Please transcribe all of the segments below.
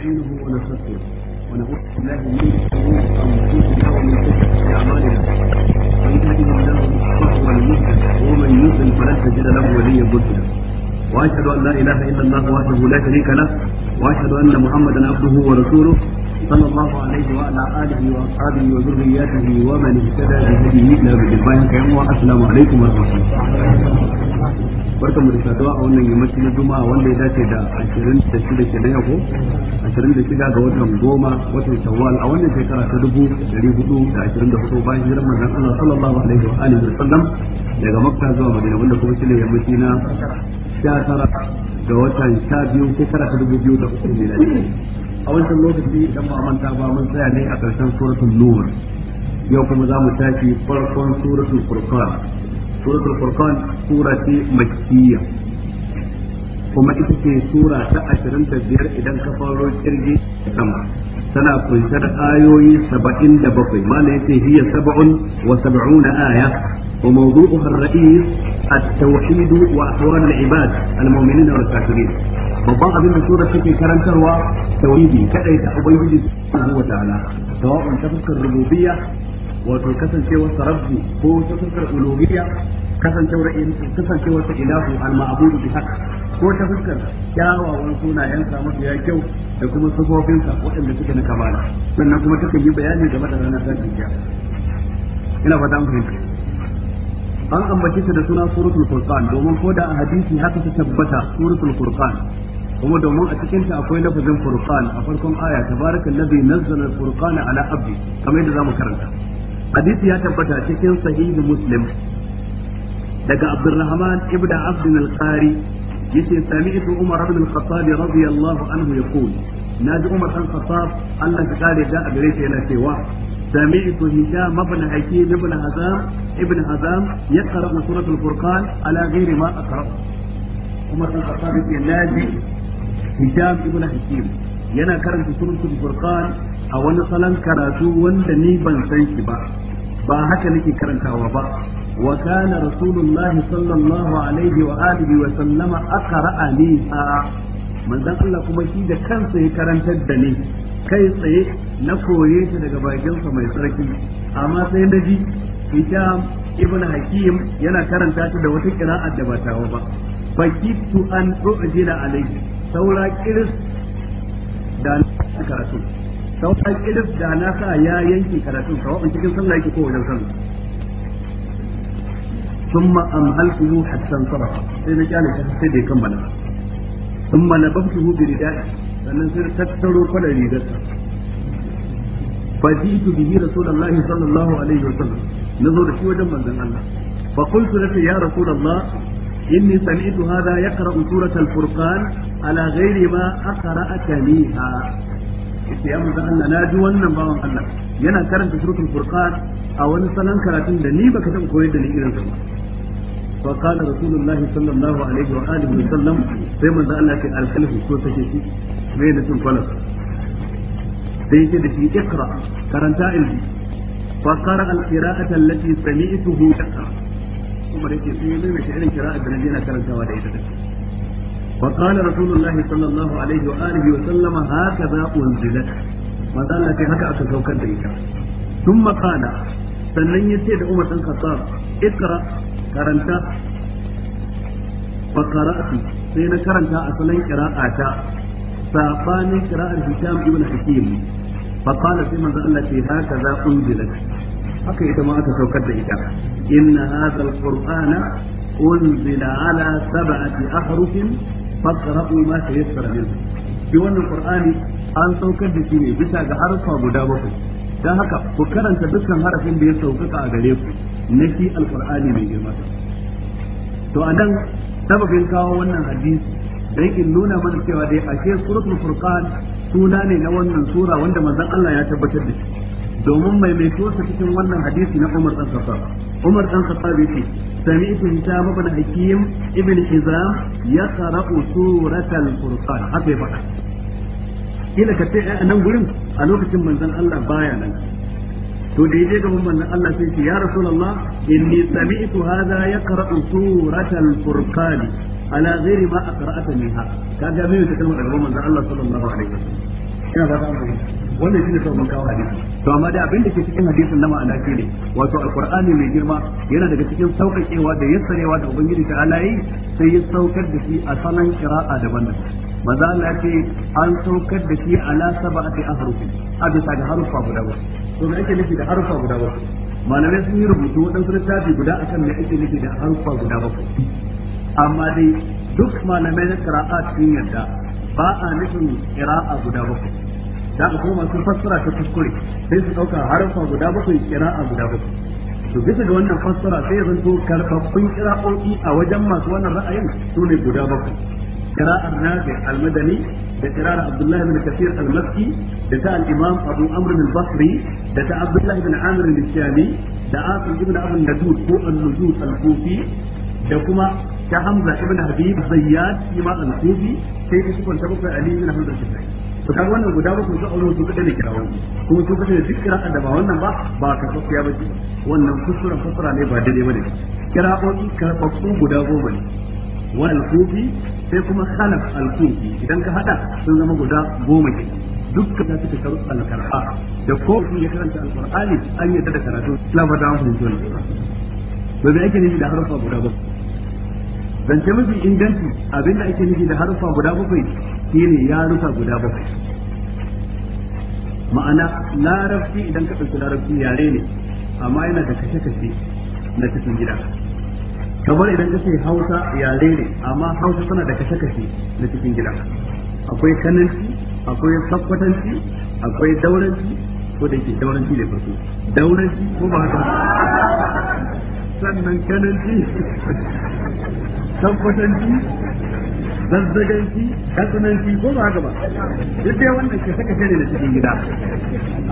نستعينه ونستغفره ونعوذ بالله من شرور انفسنا ومن سيئات اعمالنا من يهده الله فهو المهتد ومن يضلل فلن تجد له وليا مرشدا واشهد ان لا اله الا الله وحده لا شريك له واشهد ان محمدا عبده ورسوله صلى الله عليه وعلى اله واصحابه وذرياته ومن اهتدى بهديه الى يوم السلام عليكم ورحمه الله barkan mu da saduwa a wannan yammaci na juma'a wanda ya dace da 26 kenan yau ko 26 ga watan goma watan shawwal a wannan shekara ta 1424 bayan hijirar manzon Allah sallallahu alaihi wa alihi wa sallam daga Makka zuwa Madina wanda kuma shine yammaci na 19 ga watan 12 shekara ta 2003 miladi a wancan lokaci dan ba manta ba mun tsaya ne a ƙarshen suratul nur yau kuma za mu tafi farkon suratul furqan سورة القرآن سورة مكية كما تلك سورة تأشر أنت الزيارة إذا كفروا الترجي سمع سنة قنشر آية سبعين دبقي ما نأتي هي سبع وسبعون آية وموضوعها الرئيس التوحيد وأحوال العباد المؤمنين والكافرين وبعض من سورة sura take karantarwa توحيدي kadai da ubangiji subhanahu wataala sawa'un ta fuskar wato kasancewar sarabbu ko ta fuskar uluhiyya kasancewar kasancewar ta ilahu al-ma'budu bi haqq ko ta fuskar kyawawan sunayen sa mafi ya kyau da kuma sabobin sa waɗanda suke na kamala sannan kuma take yi bayani game da ranar sarkin kiyama ina fata an fahimta an ambace ta da suna suratul furqan domin ko da a hadisi haka ta tabbata suratul furqan kuma domin a cikin ta akwai lafazin furqan a farkon aya tabarakallazi nazzala al-furqana ala abdi kamar yadda zamu karanta hadisi ya tabbata cikin sahihi muslim daga abdurrahman ibn abd al-qari yace sami'tu umar ibn al-khattab radiyallahu anhu yaqul naji umar ibn khattab Allah ya kare da a gare cewa سمعت هشام بن حكيم بن هزام ابن هزام يقرأ سورة الفرقان على غير ما أقرأ عمر بن الخطاب ناجي هشام ابن حكيم ينا كرم سورة الفرقان a wani salon karatu wanda ni ban san shi ba ba haka nake karantawa ba wa kana rasulullah sallallahu alaihi wa alihi wa sallama aqra'a li manzon Allah kuma shi da kansa ya karantar da ni kai tsaye na koye shi daga bakinsa mai tsarki amma sai na ji hisham ibn hakim yana karanta ta da wata kira'a da ba tawa ba kitu an tu'jila alaihi saura kiris da karatu sau kidif da na sa ya yanki karatun sawa'un cikin sallah yake ko wajen sallah ثم أمهلته حتى انصرف سيدنا قال سيدي كمل ثم bi بردائه sannan sai tattaro kwalar rigarsa fajitu bihi rasulullah sallallahu alaihi wasallam nazo da shi wajen manzon Allah fa qultu laka ya rasulullah inni sami'tu hadha yaqra'u surat al-furqan ala ghairi ma aqra'aka liha yace ya manzon Allah na ji wannan bawan Allah yana karanta suratul furqan a wani salon karatun da ni baka taɓa koyar da ni irin sa ba fa qala rasulullahi sallallahu alaihi wa alihi wa sallam sai manzon Allah ya ce alkalhu ko take shi me da sun falak sai ce da shi ikra karanta ilmi fa qara al-qira'ata allati sami'tuhu yaqra kuma yake sai ne mai irin qira'a da nabi yana karantawa da ita وقال رسول الله صلى الله عليه وآله وسلم هكذا أنزلت فقال لك هكا أتسوكا ديكا ثم قال sannan ya ce da Umar ɗan Khattab ikra karanta fa qara'tu sai na karanta a salon qira'ata sabanin qira'ar Hisham ibn Hakim fa qala sai manzo Allah haka za unzilat haka ita ma aka saukar da ita inna hadha alqur'ana unzila ala sab'ati faqra'u ma tayassara minhu shi wannan qur'ani an saukar da shi ne bisa ga harfa guda bakwai dan haka ku karanta dukkan harafin da ya saukaka a gare ku na shi alqur'ani mai girma to a anan sababin kawo wannan hadisi dan in nuna mana cewa dai a ashe suratul furqan suna ne na wannan sura wanda manzon Allah ya tabbatar da shi domin mai mai cikin wannan hadisi na Umar dan Khattab Umar dan Khattab yake سمعت هشام بن حكيم ابن حزام يقرأ سورة الفرقان هكذا بقى kila ka ce a nan gurin a lokacin manzon Allah baya nan to da yaje gaban manzon Allah sai ce ya rasulullah inni sami'tu hadha yaqra'u suratal furqan ala ghairi ma aqra'ata minha kaga mai ta kalmar gaban manzon Allah sallallahu ina ba ta amfani wannan shine sabon kawo hadisi to amma dai abin da ke cikin hadisin na ma'ana shi ne wato alqur'ani mai girma yana daga cikin sauƙaƙewa da yassarewa da ubangiji ta alayi sai ya saukar da shi a sanan qira'a daban-daban maza Allah ce an saukar da shi ala sab'ati ahrufi a bisa ga harufa guda ba to me ake nufi da harufa guda ba malamai sun yi rubutu wadansu littafi guda akan me ake nufi da harufa guda ba amma dai duk malamai na qira'at sun yadda ba a nufin qira'a guda bakwai da aka kuma masu fassara ta kuskure sai su ɗauka harfa guda bakwai qira'a guda bakwai to bisa ga wannan fassara sai ya zanto karfaffun qira'o'i a wajen masu wannan ra'ayin su ne guda bakwai qira'ar nafi al-madani da qira'ar abdullahi bin kathir Almaski da ta al-imam abu amr bin basri da ta abdullahi bin amr Bin shami da asim ibn abu nadud ko al-nujud al-kufi da kuma ta hamza ibn habib zayyad shi ma al-kufi sai ki sukun tabbata ali ibn hamza al-kifai to kaga wannan guda ba ku su aure su kada ne kirawo kuma su kada duk kira da ba wannan ba ba ka kafiya ba ce wannan kusura kusura ne ba daidai bane kirawoyi karɓaɓɓu guda goma ne wa al-kufi sai kuma khalaf al-kufi idan ka hada sun zama guda goma ke dukkan ta suka karu al-kar'a da ko ya karanta al-qur'ani an yadda da karatu la ba da mu jin ba bai ake ne da harfa guda ba zance mafi inganci abinda ake nufi da harfa guda bakwai shine ya rufa guda bakwai ma'ana larabci idan ka ɗauki larabci yare ne amma yana da kashe-kashe na cikin gida kamar idan ka ce hausa yare ne amma hausa tana da kashe-kashe na cikin gida akwai kananci akwai sakwatanci akwai dauranci ko da ke dauranci da farko dauranci ko ba haka sannan kananci tabbatanci zazzaganci kasananci ko ba haka ba duk dai wannan ke saka kare da cikin gida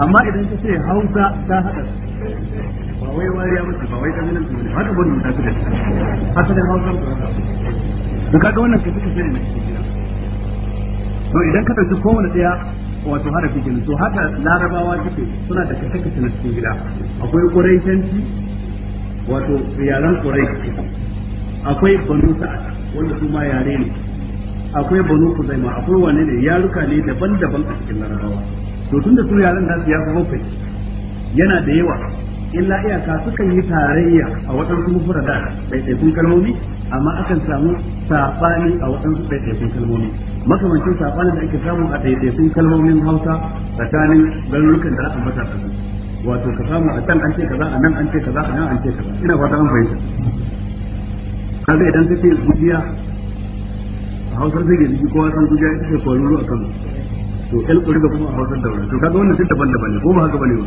amma idan ka ce hausa ta haɗa ba wai wariya mace ba wai kamilan su ne haka bane ta da asalin hausa to kaga wannan ke saka kare da cikin gida to idan ka ɗauki kowane ɗaya wato hada fikin to haka larabawa suke suna da kasakasa na cikin gida akwai ƙuraishanci wato yaren ƙuraishi akwai banu sa'ad wanda su ma yare ne akwai banu kuzaima akwai wane ne yaruka ne daban-daban a cikin larabawa to tunda su yaren da su yafi bakwai yana da yawa illa iyaka sukan yi tarayya a waɗansu sai sun kalmomi amma akan samu saɓani a waɗansu sun kalmomi makamancin saɓanin da ake samu a sun kalmomin hausa tsakanin garurukan da aka mata wato ka samu a can an ce kaza a nan an ce kaza a nan an ce kaza ina fata an fahimta kaga idan ka ce gujiya a hausar zai gaji kowa san gujiya ita ce kwaruru a kan to el da kuma a hausar wani, to kaga wannan duk daban-daban ne ko ba haka bane ba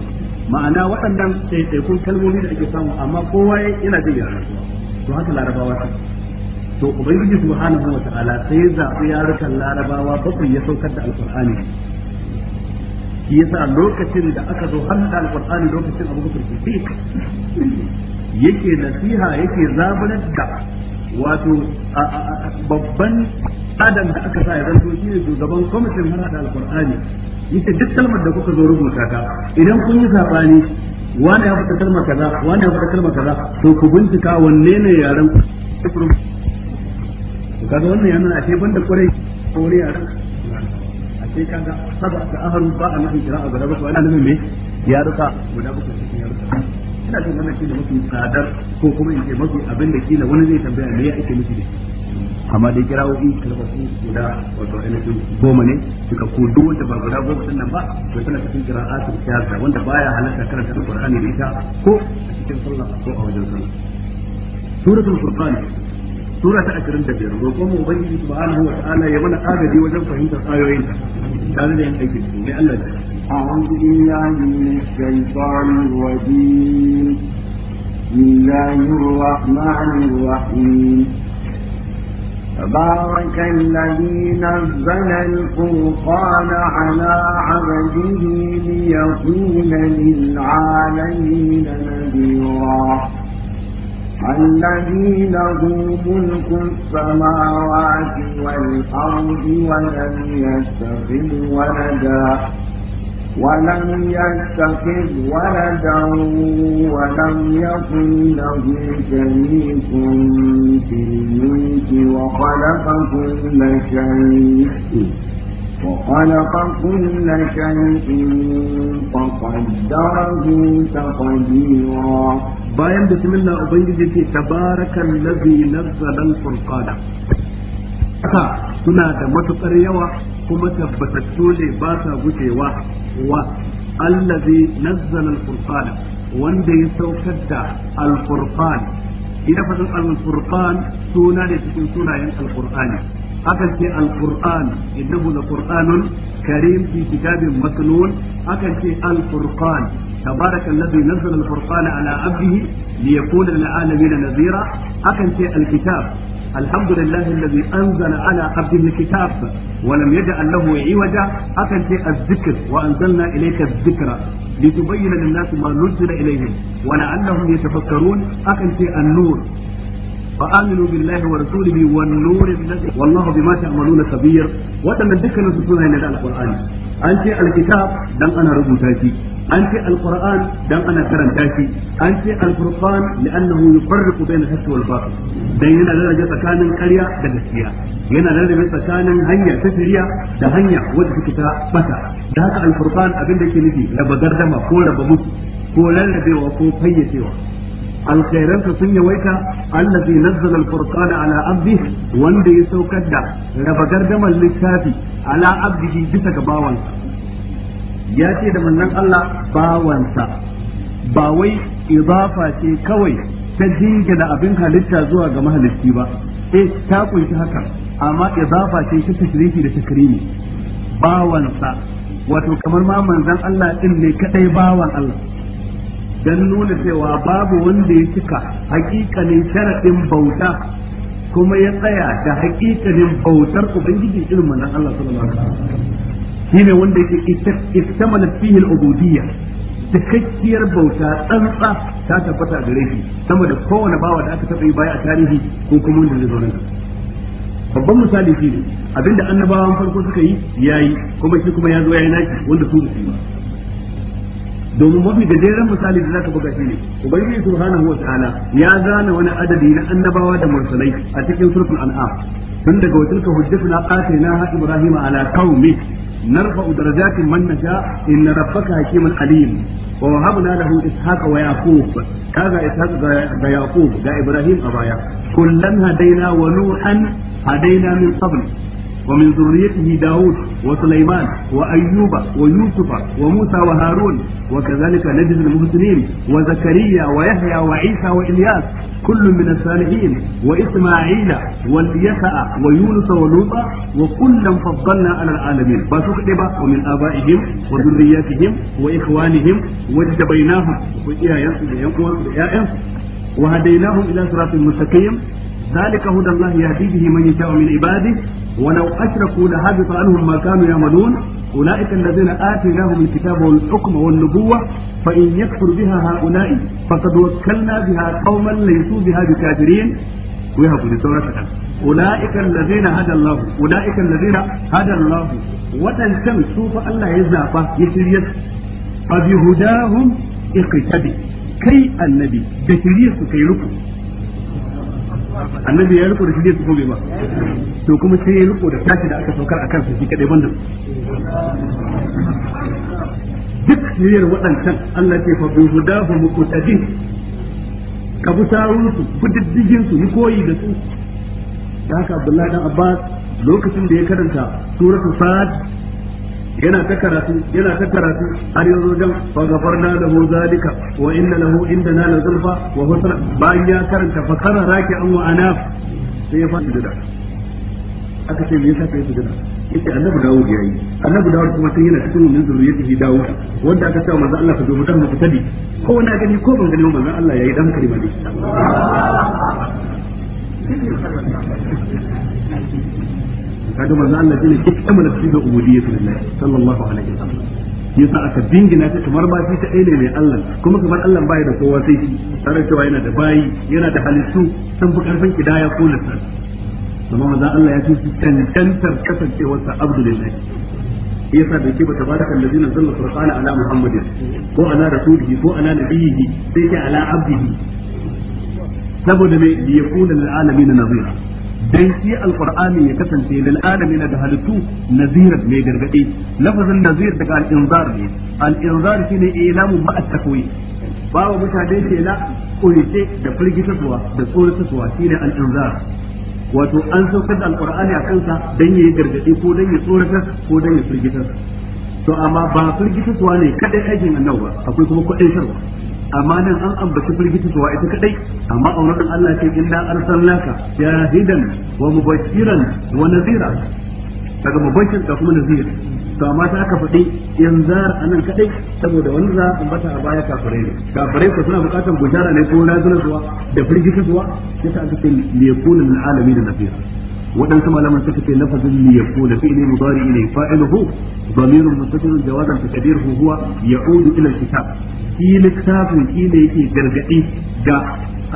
ma'ana waɗannan ɗaiɗaikun kalmomi da ake samu amma kowa yana jin yara to haka larabawa ta to ubangiji subhanahu wa ta'ala sai zaɓi yarukan larabawa bakwai ya saukar da alƙur'ani shi yasa lokacin da aka zo har da alƙur'ani lokacin abubakar siddiq yake nasiha yake zaburar da wato babban adam da aka sa ya zanto shi ne shugaban kwamitin harada alkur'ani yace duk kalmar da kuka zo rubuta ta idan kun yi sabani wani ya fita kalmar kaza wani ya fita kalmar kaza to ku bincika wanne ne yaran ku kaga wannan yana a ce banda kwarai kore yaran a ce kaga saba ta aharu ba a nufin kira a gaba ba ana nan me ya ruka guda bakwai cikin ya ruka ina jin wannan shine mafi tsadar ko kuma in ce mafi abin da kila wani zai tambaya me ya ake nufi da amma dai guda wato ainihin goma ne suka ko duk wanda ba guda goma ba to tana cikin kira'atul shahada wanda baya halatta karanta alqur'ani da ita ko a cikin sallah ko a wajen sallah suratul furqan sura ta 25 roƙon mu ubangiji subhanahu wa ta'ala ya mana agaji wajen fahimtar ayoyin ta tare da yin aikin ne Allah ya أعوذ بالله من الشيطان الرجيم بسم الله الرحمن الرحيم تبارك الذي نزل القرآن على عبده ليكون للعالمين نذيرا الذي له ملك السماوات والأرض ولم يتخذ ولدا ولم يتخذ ولدا ولم يكن له شريك في الملك وخلق كل شيء وخلق كل شيء فقدره تقديرا bayan bismillah ubangiji ke tabarakan lazi nazzala al-furqana haka suna da matukar yawa kuma tabbatattu ne ba sa gujewa wa allazi nazzala al-furqan wanda ya saukar da al-furqan ina fadin al-furqan suna ne cikin sunayen al-qur'ani akan ce al-qur'an innahu al qur'anun karim fi kitabin maknun akan ce al-furqan تبارك الذي نزل الفرقان على عبده ليكون للعالمين نذيرا أكن الكتاب الحمد لله الذي أنزل على عبده الكتاب ولم يجعل له عوجا أكن الذكر وأنزلنا إليك الذكر لتبين للناس ما نزل إليهم ولعلهم يتفكرون أكن النور فآمنوا بالله ورسوله والنور الذي والله بما تعملون خبير waɗannan dukkanin su suna da alqur'ani an ce alkitab dan ana rubuta shi an ce alqur'an dan ana karanta shi an ce alfurqan li'annahu yufarriqu bayna al-haqq wal batil dan yana rarrabe tsakanin karya da gaskiya yana rarrabe tsakanin hanya ta da hanya wadda take ta bata da haka alfurqan abin da ke nufi raba gardama ko raba mutu ko rarrabewa ko fayyacewa alkhairan sun yawaita allazi nazzala alfurqana ala abdi wanda ya saukar da raba gardaman littafi ala abdihi bisa ga bawansa ya ce da manzon Allah bawansa ba wai idafa zaface kawai ta jingina abin halitta zuwa ga mahalicci ba eh ta ƙunshi haka amma idafa ce ta tashrifi da takrimi bawansa wato kamar ma manzan Allah ɗin ne kadai bawan Allah dan nuna cewa babu wanda ya cika hakikanin sharadin bauta kuma ya tsaya da hakikanin bautar ubangiji irin manzon Allah sallallahu alaihi wasallam ne wanda yake istamala fihi al-ubudiyya cikakkiyar bauta tsantsa ta tabbata gare shi sama da kowane bawa da aka taɓa yi baya a tarihi ko kuma wanda zai zo nan babban misali shi ne abinda annabawan farko suka yi yayi kuma shi kuma ya zo yayi naki wanda su su yi domin mafi gajeren misali da zaka buga shi ne ubangiji subhanahu wa ta'ala ya zana wani adadi na annabawa da mursalai a cikin surfin an'am tun daga wajen ka na atayna ibrahima ala qaumi narfa'u darajatin man nasha inna rabbaka hakimun alim wa wahabna lahu ishaqa wa yaqub kaga ishaq da yaqub da ibrahim a baya kullan hadaina wa nuhan hadaina min qabl ومن ذريته داود وسليمان وأيوب ويوسف وموسى وهارون وكذلك نجد المحسنين وزكريا ويحيى وعيسى وإلياس كل من الصالحين وإسماعيل واليسع ويونس ولوطا وكلا فضلنا على العالمين فسكتب ومن آبائهم وذرياتهم وإخوانهم واجتبيناهم وإياهم وهديناهم إلى صراط مستقيم ذلك هدى الله يهدي به من يشاء من عباده ولو أشركوا لحبط عنهم ما كانوا يعملون أولئك الذين آتيناهم الكتاب والحكم والنبوة فإن يكفر بها هؤلاء فقد وكلنا بها قوما ليسوا بها بكافرين ويهبوا للدورة أولئك الذين هدى الله أولئك الذين هدى الله وتنسم سوف الله يزعف يسير فبهداهم اقتدي كي النبي بشريس كي ركب annabi ya riko da shi su kome to kuma sai ya riko da tashi da aka saukar kan su shi kadai wannan. duk niyyar waɗancan Allah ce fa bi hudahu muqtadin ka bi sawun su su yi koyi da su da haka Abdullahi dan Abbas lokacin da ya karanta suratu Fat yana ta karatu yana ta karatu har yanzu dan fa gafarna mu zalika wa inna lahu indana la zulfa wa husna bayan ya karanta fa kana raki an wa anaf sai ya fadi da aka ce me yasa kai su gana yace annabi dawud yayi annabi dawud kuma sai yana cikin wannan da dawud wanda aka ce manzo Allah ka zo mutan mu tabi. ko na gani ko ban gani manzo Allah yayi dan kalima kaga manzo Allah shine cikin tafsir ubudiyyah lillah sallallahu alaihi wasallam yasa aka dingina ta kamar ba shi kadai ne mai Allah kuma kamar Allah bai da kowa sai shi tare cewa yana da bayi yana da halittu sun fi karfin kidaya ko lissafi amma manzo Allah ya ce tantantar kasancewarsa abdulillahi yasa da ke bata baraka allazina zalla furqana ala muhammadin ko ala rasulihi ko ala nabiyihi sai ke ala abdihi saboda mai yakuna lil alamin nazira dan shi alqur'ani ya kasance lil alamin da halittu nazira mai gargadi lafazin nazir daga al-inzar ne al-inzar shine ilamu ma at babu mutane ke la kurice da firgitarwa da tsoratarwa shine al-inzar wato an saukar da alqur'ani a kansa dan yayi gargadi ko dan ya tsoratar ko dan ya firgitar to amma ba firgitarwa ne kadai aikin annabi ba akwai kuma kwadaitarwa amma nan an ambaci firgitarwa ita kadai amma a wurin Allah ce inna arsalnaka shahidan wa mubashiran wa nadhira daga mubashir da kuma nadhir to amma ta aka faɗi inzar anan kadai saboda wani za ambata a baya kafare ne kafare suna bukatar bujara ne ko zuwa da ya yasa aka ce liyakuna lil alamin nadhira waɗansu malaman suka ce lafazin li yaqulu fi'li mudari ne fa'iluhu damirun mustatirun jawazan taqdiruhu huwa ya'udu ila al-kitab shi littafin shi ne yake gargadi ga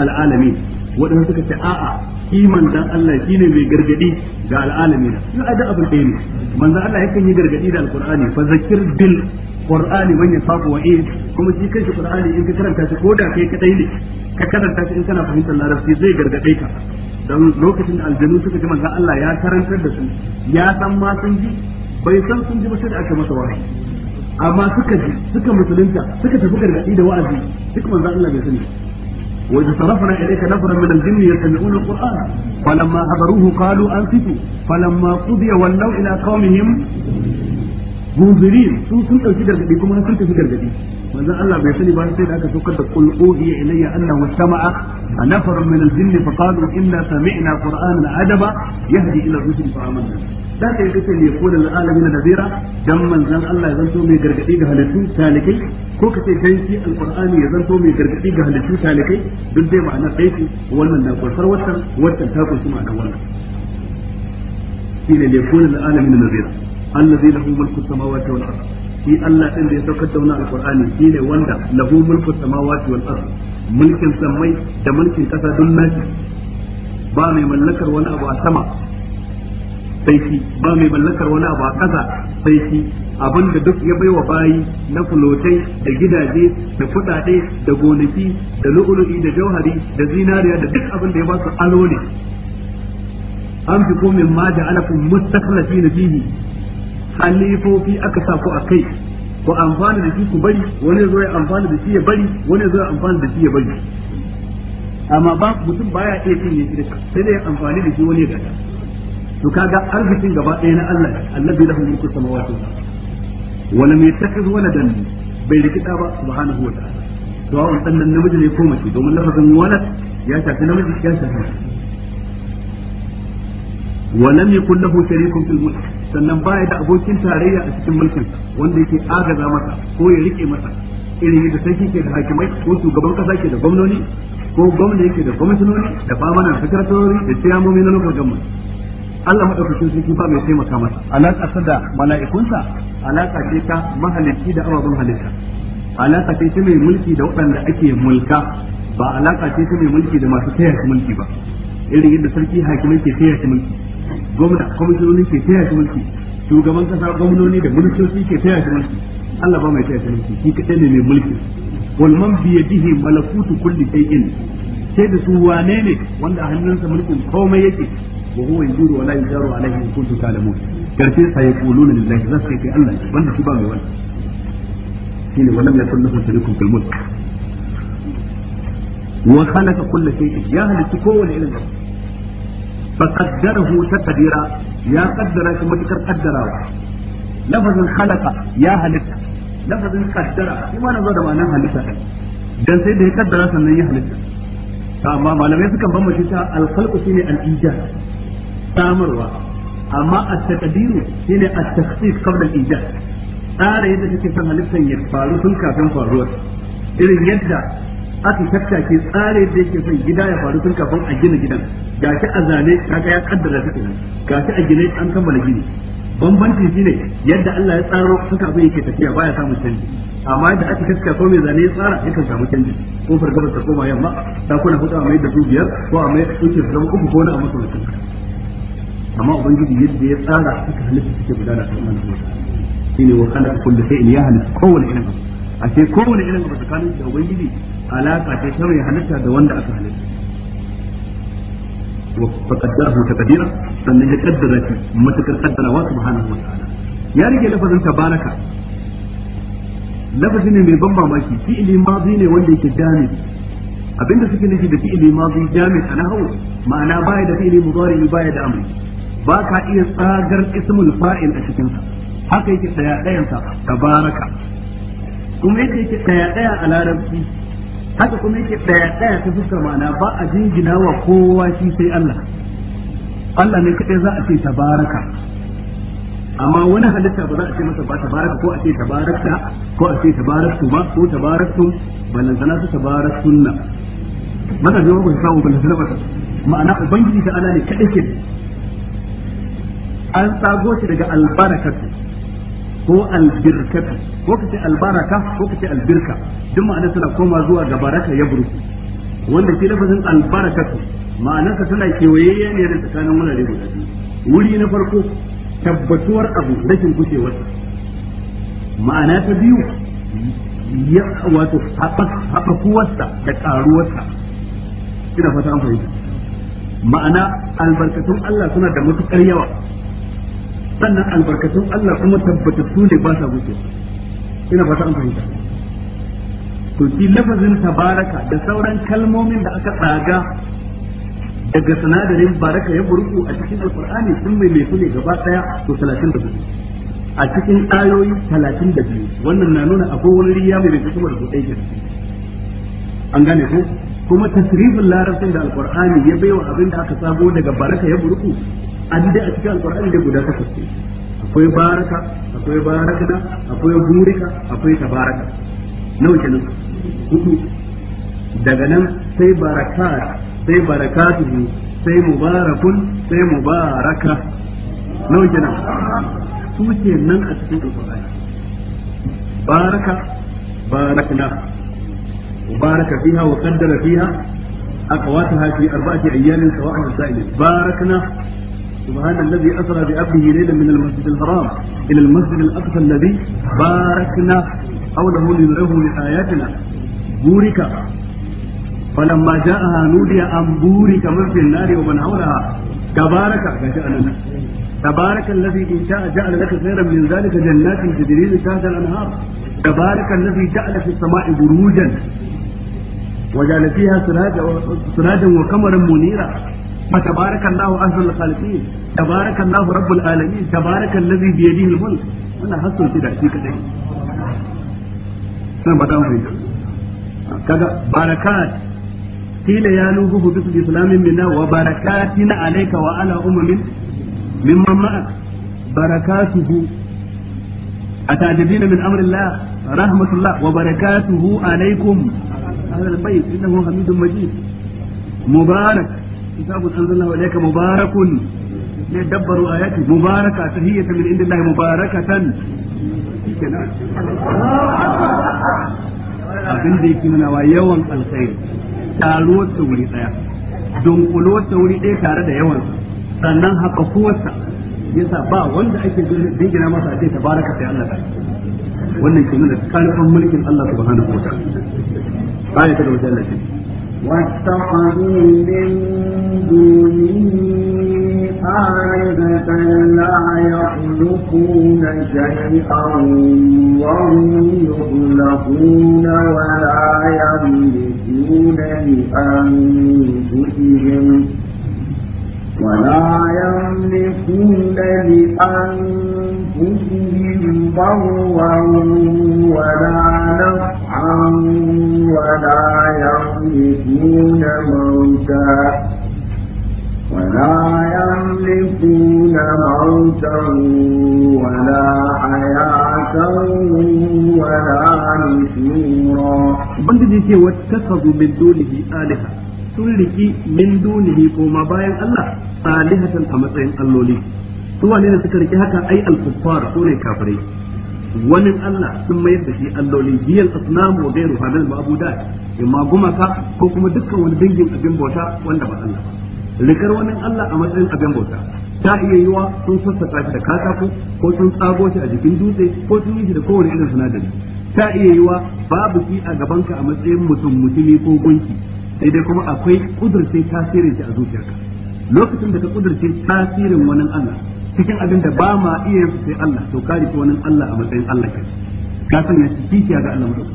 al'alamin waɗansu suka ce a'a shi dan Allah shi ne mai gargadi ga al'alamin na a ada abin ɗaya ne manzan Allah yakan yi gargadi da alƙur'ani fa zakir bil qur'ani man yasafu wa in kuma shi kanshi qur'ani in ka karanta shi ko da kai kadai ne ka karanta shi in kana fahimtar larabci zai gargade ka don lokacin da aljanu suka ji manzon Allah ya karantar da su ya san ma sun ji bai san sun ji ba sai da aka masa wahayi amma suka ji suka musulunta suka tafi gargadi da wa'azi duk manzon Allah bai sani وإذ صرفنا إليك نفرا من الجن يستمعون القرآن kalu حضروه قالوا أنصتوا فلما قضي ولوا إلى قومهم munzirin su sun dauki gargadi kuma sun tafi gargadi manzon Allah bai sani ba sai da aka saukar da qul uhiya ilayya annahu sama'a nafar min al-jinn fa qalu inna sami'na qur'anan adaba yahdi ila rusul fa amanna da kai kace ne ko da alamin nadira dan manzon Allah ya zanto mai gargadi ga halittu talikai ko kace kai shi alqur'ani ya zanto mai gargadi ga halittu talikai duk dai ma'anar dai wannan na kursar wannan wannan ta kunshi ma'anar wannan shine ne ko da alamin nadira allazi lahu mulku samawati wal ard shi Allah din da ya saukar da wannan alqur'ani ne wanda lahu mulku samawati wal ard mulkin samai da mulkin kasa dun nashi ba mai mallakar wani abu a sama sai shi ba mai mallakar wani abu a kasa sai shi abinda duk ya baiwa bayi na kulotai da gidaje da kudade da gonaki da lu'ulu'i da jauhari da zinariya da duk abin da ya ba su alo ne an fi ma da ma mustaklafi na fihi halifofi aka sa ku a kai ku amfana da shi ku bari wani zo ya amfana da shi ya bari wani zo ya amfana da shi ya bari amma ba mutum baya iya cin yake da sai dai amfani da shi wani ya gada to kaga arzikin gaba ɗaya na Allah Allah annabi lahu mulku samawati sama wato. wala mai takhaz waladan bai rikita ba subhanahu wa ta'ala to wannan dan nan namiji ne ko mace domin lafazin walad ya shafi namiji ya shafi walam yakul lahu sharikun fil mulk sannan baya da abokin tarayya a cikin mulkin wanda yake agaza masa ko ya rike masa irin yadda sarki ke da hakimai ko shugaban kasa ke da gwamnoni ko gwamna yake da gwamnatinoni da famanan sakaratori da ciyamomi na lokacin gwamnoni Allah madaukakin sarki ba mai taimaka masa alaƙa ta da mala'ikunsa alaƙa ce ta mahalicci da ababen halitta alaƙa ce ta mai mulki da waɗanda ake mulka ba alaƙa ce ta mai mulki da masu taya mulki ba irin yadda sarki hakimai ke taya mulki gwamna kwamishinoni ke taya shi mulki shugaban kasa gwamnoni da ministoci ke taya shi mulki Allah ba mai taya shi mulki shi kadai ne mai mulki wal man bi yadihi malakutu kulli shay'in sai da su wane ne wanda a hannunsa mulkin komai yake wa huwa yujiru wa la yujaru alaihi in kuntum ta'lamun karshe sai yaquluna lillahi zasu kai Allah wanda shi ba mai wani shine walam yakun lahu sharikun fil mulk wa khalaqa kulli shay'in ya halitta kowane irin abu فقدره تقديرا يا قدر ثم تكر قدرا لفظ خلق يا هلك لفظ قدر كما نزل ما هلك dan sai da ya kaddara sannan ya halitta amma malamai sukan bambance ta alkhalqu shine al-ijad samarwa amma at-taqdiru shine at-takhsis qabla al tsara yadda kake son halittar ya faru tun kafin faruwar irin yadda aka tattake tsare da yake son gida ya faru tun kafin a gina gidan gashi a zane kaga ya kaddara ta kenan gashi a gine an kammala gini bambanci shine yadda Allah ya tsaro haka abin yake tafiya baya samun canji amma yadda aka kaska ko mai zane ya tsara ya kan samu canji ko fargabar ta koma yamma ta kuna hudu a mai da su biyar ko a mai su ke zama uku ko wani a masa mutum amma ubangiji yadda ya tsara haka halitta suke gudana a wannan shine wa khalaqa kullu in ya halitta kowane irin abu a ce kowane irin abu tsakanin da ubangiji alaka ta shawarar halitta da wanda aka halitta فقدره تقديرا sannan ya kaddara shi matakar kaddarawa subhanahu wa ta'ala ya rike lafazin tabaraka lafazi ne mai ban mamaki fi'ili madi ne wanda yake jami abinda suke nufi da fi'ili madi jami ana hawo ma'ana baya da fi'ili mudari baya da amri ba ka iya tsagar ismul fa'il a cikin sa haka yake daya dayan sa tabaraka kuma yake yake daya daya a larabci haka kuma yake daya daya ta fuskar ma'ana ba a jingina wa kowa shi sai Allah Allah ne kadai za a ce tabaraka amma wani halitta ba za a ce masa ba tabaraka ko a ce tabarakta ko a ce tabaraktu ba ko tabaraktum ballantana su tabaraktunna mana ne ba samu ballantana ba ma'ana ubangiji ta ala ne kadai ke an tsago shi daga albarakatu ko albirkatu ko kace albaraka ko kace albirka duk ma'anar tana koma zuwa ga baraka ya burku wanda shi lafazin albarakatu ma'anarsa tana kewaye ne da tsakanin wurare guda wuri na farko tabbatuwar abu rashin kushewarsa ma'ana ta biyu ya wato haɓakuwarsa da ƙaruwarsa ina fata an fahimta ma'ana albarkatun Allah suna da matuƙar yawa sannan albarkatun Allah kuma tabbatattu ne ba sa wuce ina ba ta an fahimta to shi lafazin tabaraka da sauran kalmomin da aka tsaga daga sinadarin baraka ya burku a cikin alqur'ani sun mai mai kule gaba daya to 34 a cikin ayoyi 32 wannan na nuna akwai wani riya mai mai da da kudai an gane ko kuma tasrifin larabcin da alqur'ani ya baiwa abin da aka sabo daga baraka ya burku an dai a cikin alqur'ani da guda takwas ce akwai baraka akwai barakada akwai burika akwai tabaraka nawa kenan hudu daga nan sai baraka sai barakatu sai mubarakun sai mubaraka nawa kenan su ce nan a cikin alqur'ani baraka barakna baraka fiha wa qaddara fiha أقواتها في أربعة أيام سواء السائل باركنا سبحان الذي أسرى بأبه ليلا من المسجد الحرام إلى المسجد الأقصى الذي باركنا حوله لنريه من آياتنا بورك فلما جاءها نودي أن بورك من في النار ومن حولها تبارك تبارك الذي إن شاء جعل لك خيرا من ذلك جنات تجري من تحت الأنهار تبارك الذي جعل في السماء بروجا وجعل فيها سراجا وقمرا منيرا فتبارك الله أهل الخالقين تبارك الله رب العالمين تبارك الذي بيده الملك أنا حصل كده في كده أنا بتعمل كذا بركات قيل يا نوح بسم الإسلام منا وبركات عليك وعلى أمم ممن معك بركاته أتعجبين من أمر الله رحمة الله وبركاته عليكم أهل البيت إنه حميد مجيد مبارك كتاب أنزلناه إليك مبارك ليدبروا آياته مباركة تهية من عند الله مباركة kenan abin da yake nuna wa yawan alkhairi taruwar ta wuri daya dunkulowar ta wuri daya tare da yawan sannan haka kowarsa yasa ba wanda ake dingina masa a ce baraka sai Allah ta wannan ke nuna karfin mulkin Allah subhanahu wa ta'ala ayata da wajen lafiya واتخذوا من دونه آلهة لا يخلقون شيئا وهم يخلقون ولا يملكون لأنفسهم ولا يملكون لأنفسهم ضرا ولا نفعا ولا يملكون موتا ولا يملكون موتا ولا حياة ولا نشورا بندي واتخذوا من دونه آلهة sun riki min dunihi bayan Allah salihatan a matsayin alloli su wane ne suka riki haka ai al-kuffar su ne kafirai wani Allah sun mayar da shi alloli biyan asnamu wa gairu hadal ma'budat imma gumaka ko kuma dukkan wani dangin abin bauta wanda ba Allah rikar wani Allah a matsayin abin bauta ta iya yiwa sun sassaka shi da katako ko sun tsago shi a jikin dutse ko sun yi shi da kowane irin sinadari ta iya yiwa babu shi a gabanka a matsayin mutum mutumi ko gunki sai dai kuma akwai kudurce tasirin shi a zuciyarka lokacin da ka kudurce tasirin wani Allah cikin abin da ba ma iya yin sai Allah to ka rike wani Allah a matsayin Allah ke ka sanya shi kishiya ga Allah mutum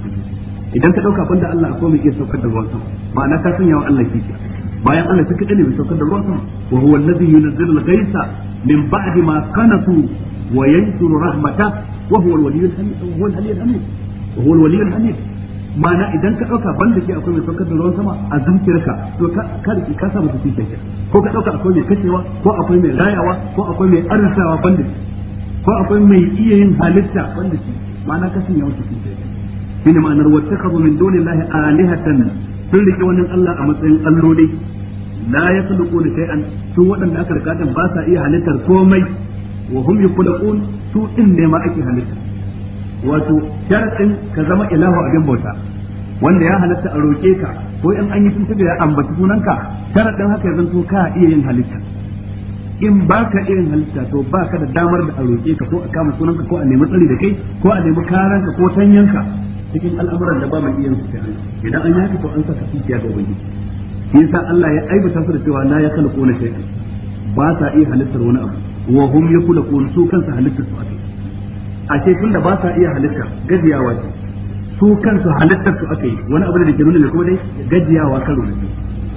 idan ka dauka banda Allah akwai mai iya saukar da ruwan sama ma'ana ka sanya wa Allah kishiya bayan Allah ta kaɗai bai saukar da ruwan sama wa huwa alladhi yunzilu al-ghaytha min ba'di ma qanatu wa yansuru rahmatah wa huwa al-waliyyu al-hamid wa huwa al-waliyyu al-hamid ma'ana idan ka dauka banda shi akwai mai saukar da ruwan sama a zuciyarka to ka ka riki ka samu cikin shi ko ka dauka akwai mai kashewa ko akwai mai rayawa ko akwai mai arsawa banda shi ko akwai mai iya yin halitta banda shi ma'ana kasin ya wuce cikin shi ne ma'anar wattakabu min dunillahi alihatan sun rike wannan Allah a matsayin allolai la yakhluquna shay'an su waɗanda aka rika ba sa iya halittar komai wa hum yakhluqun su din ne ma ake halitta wato sharadin ka zama ilahu abin bauta wanda ya halatta a roke ka ko in an yi tuntuɓe ya ambaci sunanka sharadin haka ya zanto ka iya yin halitta in ba ka irin halitta to ba ka da damar da a roƙe ka ko a kama sunanka ko a nemi tsari da kai ko a nemi karanka ko tanyanka cikin al'amuran da ba mai iyan su ta idan an yaki to an saka kifiya ga ubangiji yasa Allah ya aibata su da cewa la yakhluquna shay'an ba sa iya halittar wani abu wa hum yakhluqun su kansa halittar su akai a ce tun da ba sa iya halitta gajiyawa ce su kansu halittar su aka yi wani abu da ke nuna kuma dai gajiyawa karo ne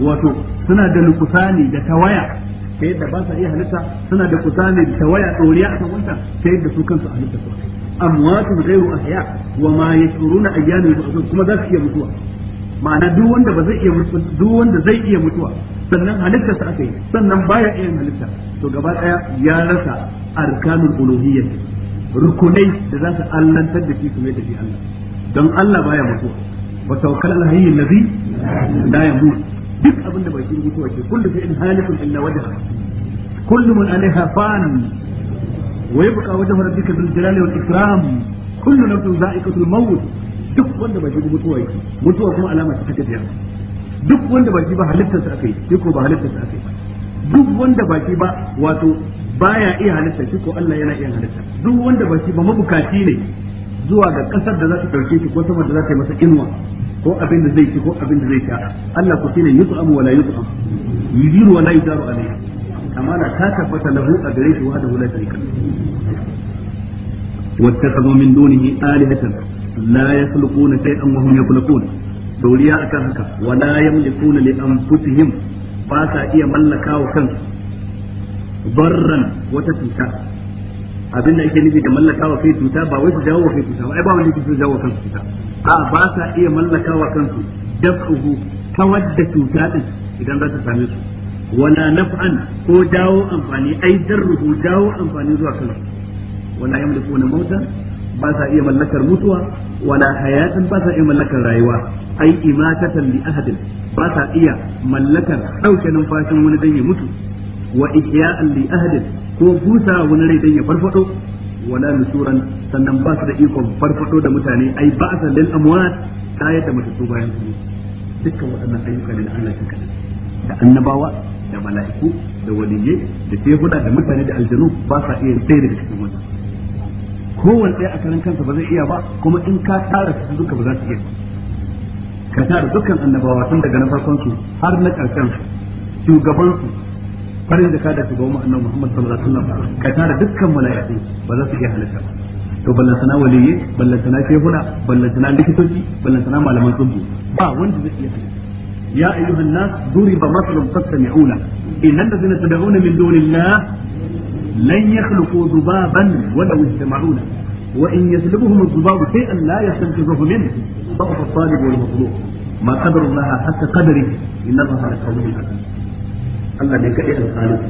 wato suna da nukusani da tawaya ta yadda ba sa iya halitta suna da kusani da tawaya tsoriya a kan wancan ta yadda su kansu halitta su aka yi Amma amwatun ghairu ahya wa ma yashuruna ayyana yub'athun kuma za su iya mutuwa ma'ana duk wanda ba zai iya mutuwa duk wanda zai iya mutuwa sannan halittar sa aka yi sannan baya iya halitta to gaba daya ya rasa arkanul uluhiyyah rukunai da za su allantar da shi su mai da shi Allah don Allah baya mutuwa wa tawakkal ala hayy allazi la yamut duk abinda bai shi mutuwa ke kullu fi'in halikun illa wajha kullu man alaiha fan wa yabqa wajhu rabbika dhul jalali wal ikram kullu nafsin za'iqatul maut duk wanda bai shi mutuwa yake mutuwa kuma alama ta tafiya duk wanda ba shi ba halittarsa akai duk ba halittarsa akai duk wanda ba shi ba wato baya iya halitta shi ko Allah yana iya halitta duk wanda ba shi ba mabukaci ne zuwa ga kasar da za ta dauke shi ko sama da za ta yi masa inuwa ko abin da zai ci ko abin da zai sha Allah ku ko shine amu wala amu yudiru wala yudaru alayhi amana ta tabbata lahu a gare shi wahdahu la sharika wattakhadhu min dunihi alihatan la yakhluquna shay'an wa hum yakhluqun Dauriya akan haka wala yamlikuna li anfusihim ba sa iya mallaka wa kansu barran wata cuta abin da ake nufi da mallaka wa kai cuta ba wai su jawo wa kai cuta ba ai ba wani yake so jawo wa kansu cuta a ba sa iya mallaka wa kansu daf'uhu kawar da cuta din idan za ta same su wala naf'an ko dawo amfani ai darruhu dawo amfani zuwa kansu wala yamlikuna mauta ba sa iya mallakar mutuwa wala hayatan ba sa iya mallakar rayuwa ai imatatan li ahadin ba sa iya mallakar dauke numfashin wani dan ya mutu wa ihya'an li ahli ko busa wani rai dan ya farfado wala nusuran sannan ba su da ikon farfado da mutane ai ba'sa lil amwat ta yadda mutu bayan su dukkan waɗannan ayyuka ne na Allah kan da annabawa da mala'iku da Waliyyai, da tehuda da mutane da aljanu ba sa iya tsaye da cikin wannan kowanne ɗaya a karan kansa ba zai iya ba kuma in ka tara su duka ba za su iya ka tara dukkan annabawa tun daga na farkon su har na ƙarshen su shugaban su farin da ka da su goma annabi Muhammad sallallahu alaihi wasallam ka tara dukkan mala'iku ba za su iya halitta ba to ballan sana waliyi ballan sana shehuna ballan sana likitoci ballan sana malaman tsubu ba wanda zai iya halitta ya ayyuhan nas duriba masalun fastami'una innal ladzina tad'una min dunillah lan yakhluqu dhubaban wa law istama'una wa in yaslubhum adh-dhubab shay'an la yastanqidhuhu minhu ضعف الطالب والمطلوب ما قدر الله حتى قدره ان الله لقوي عزيز Allah ne kadai al-khaliq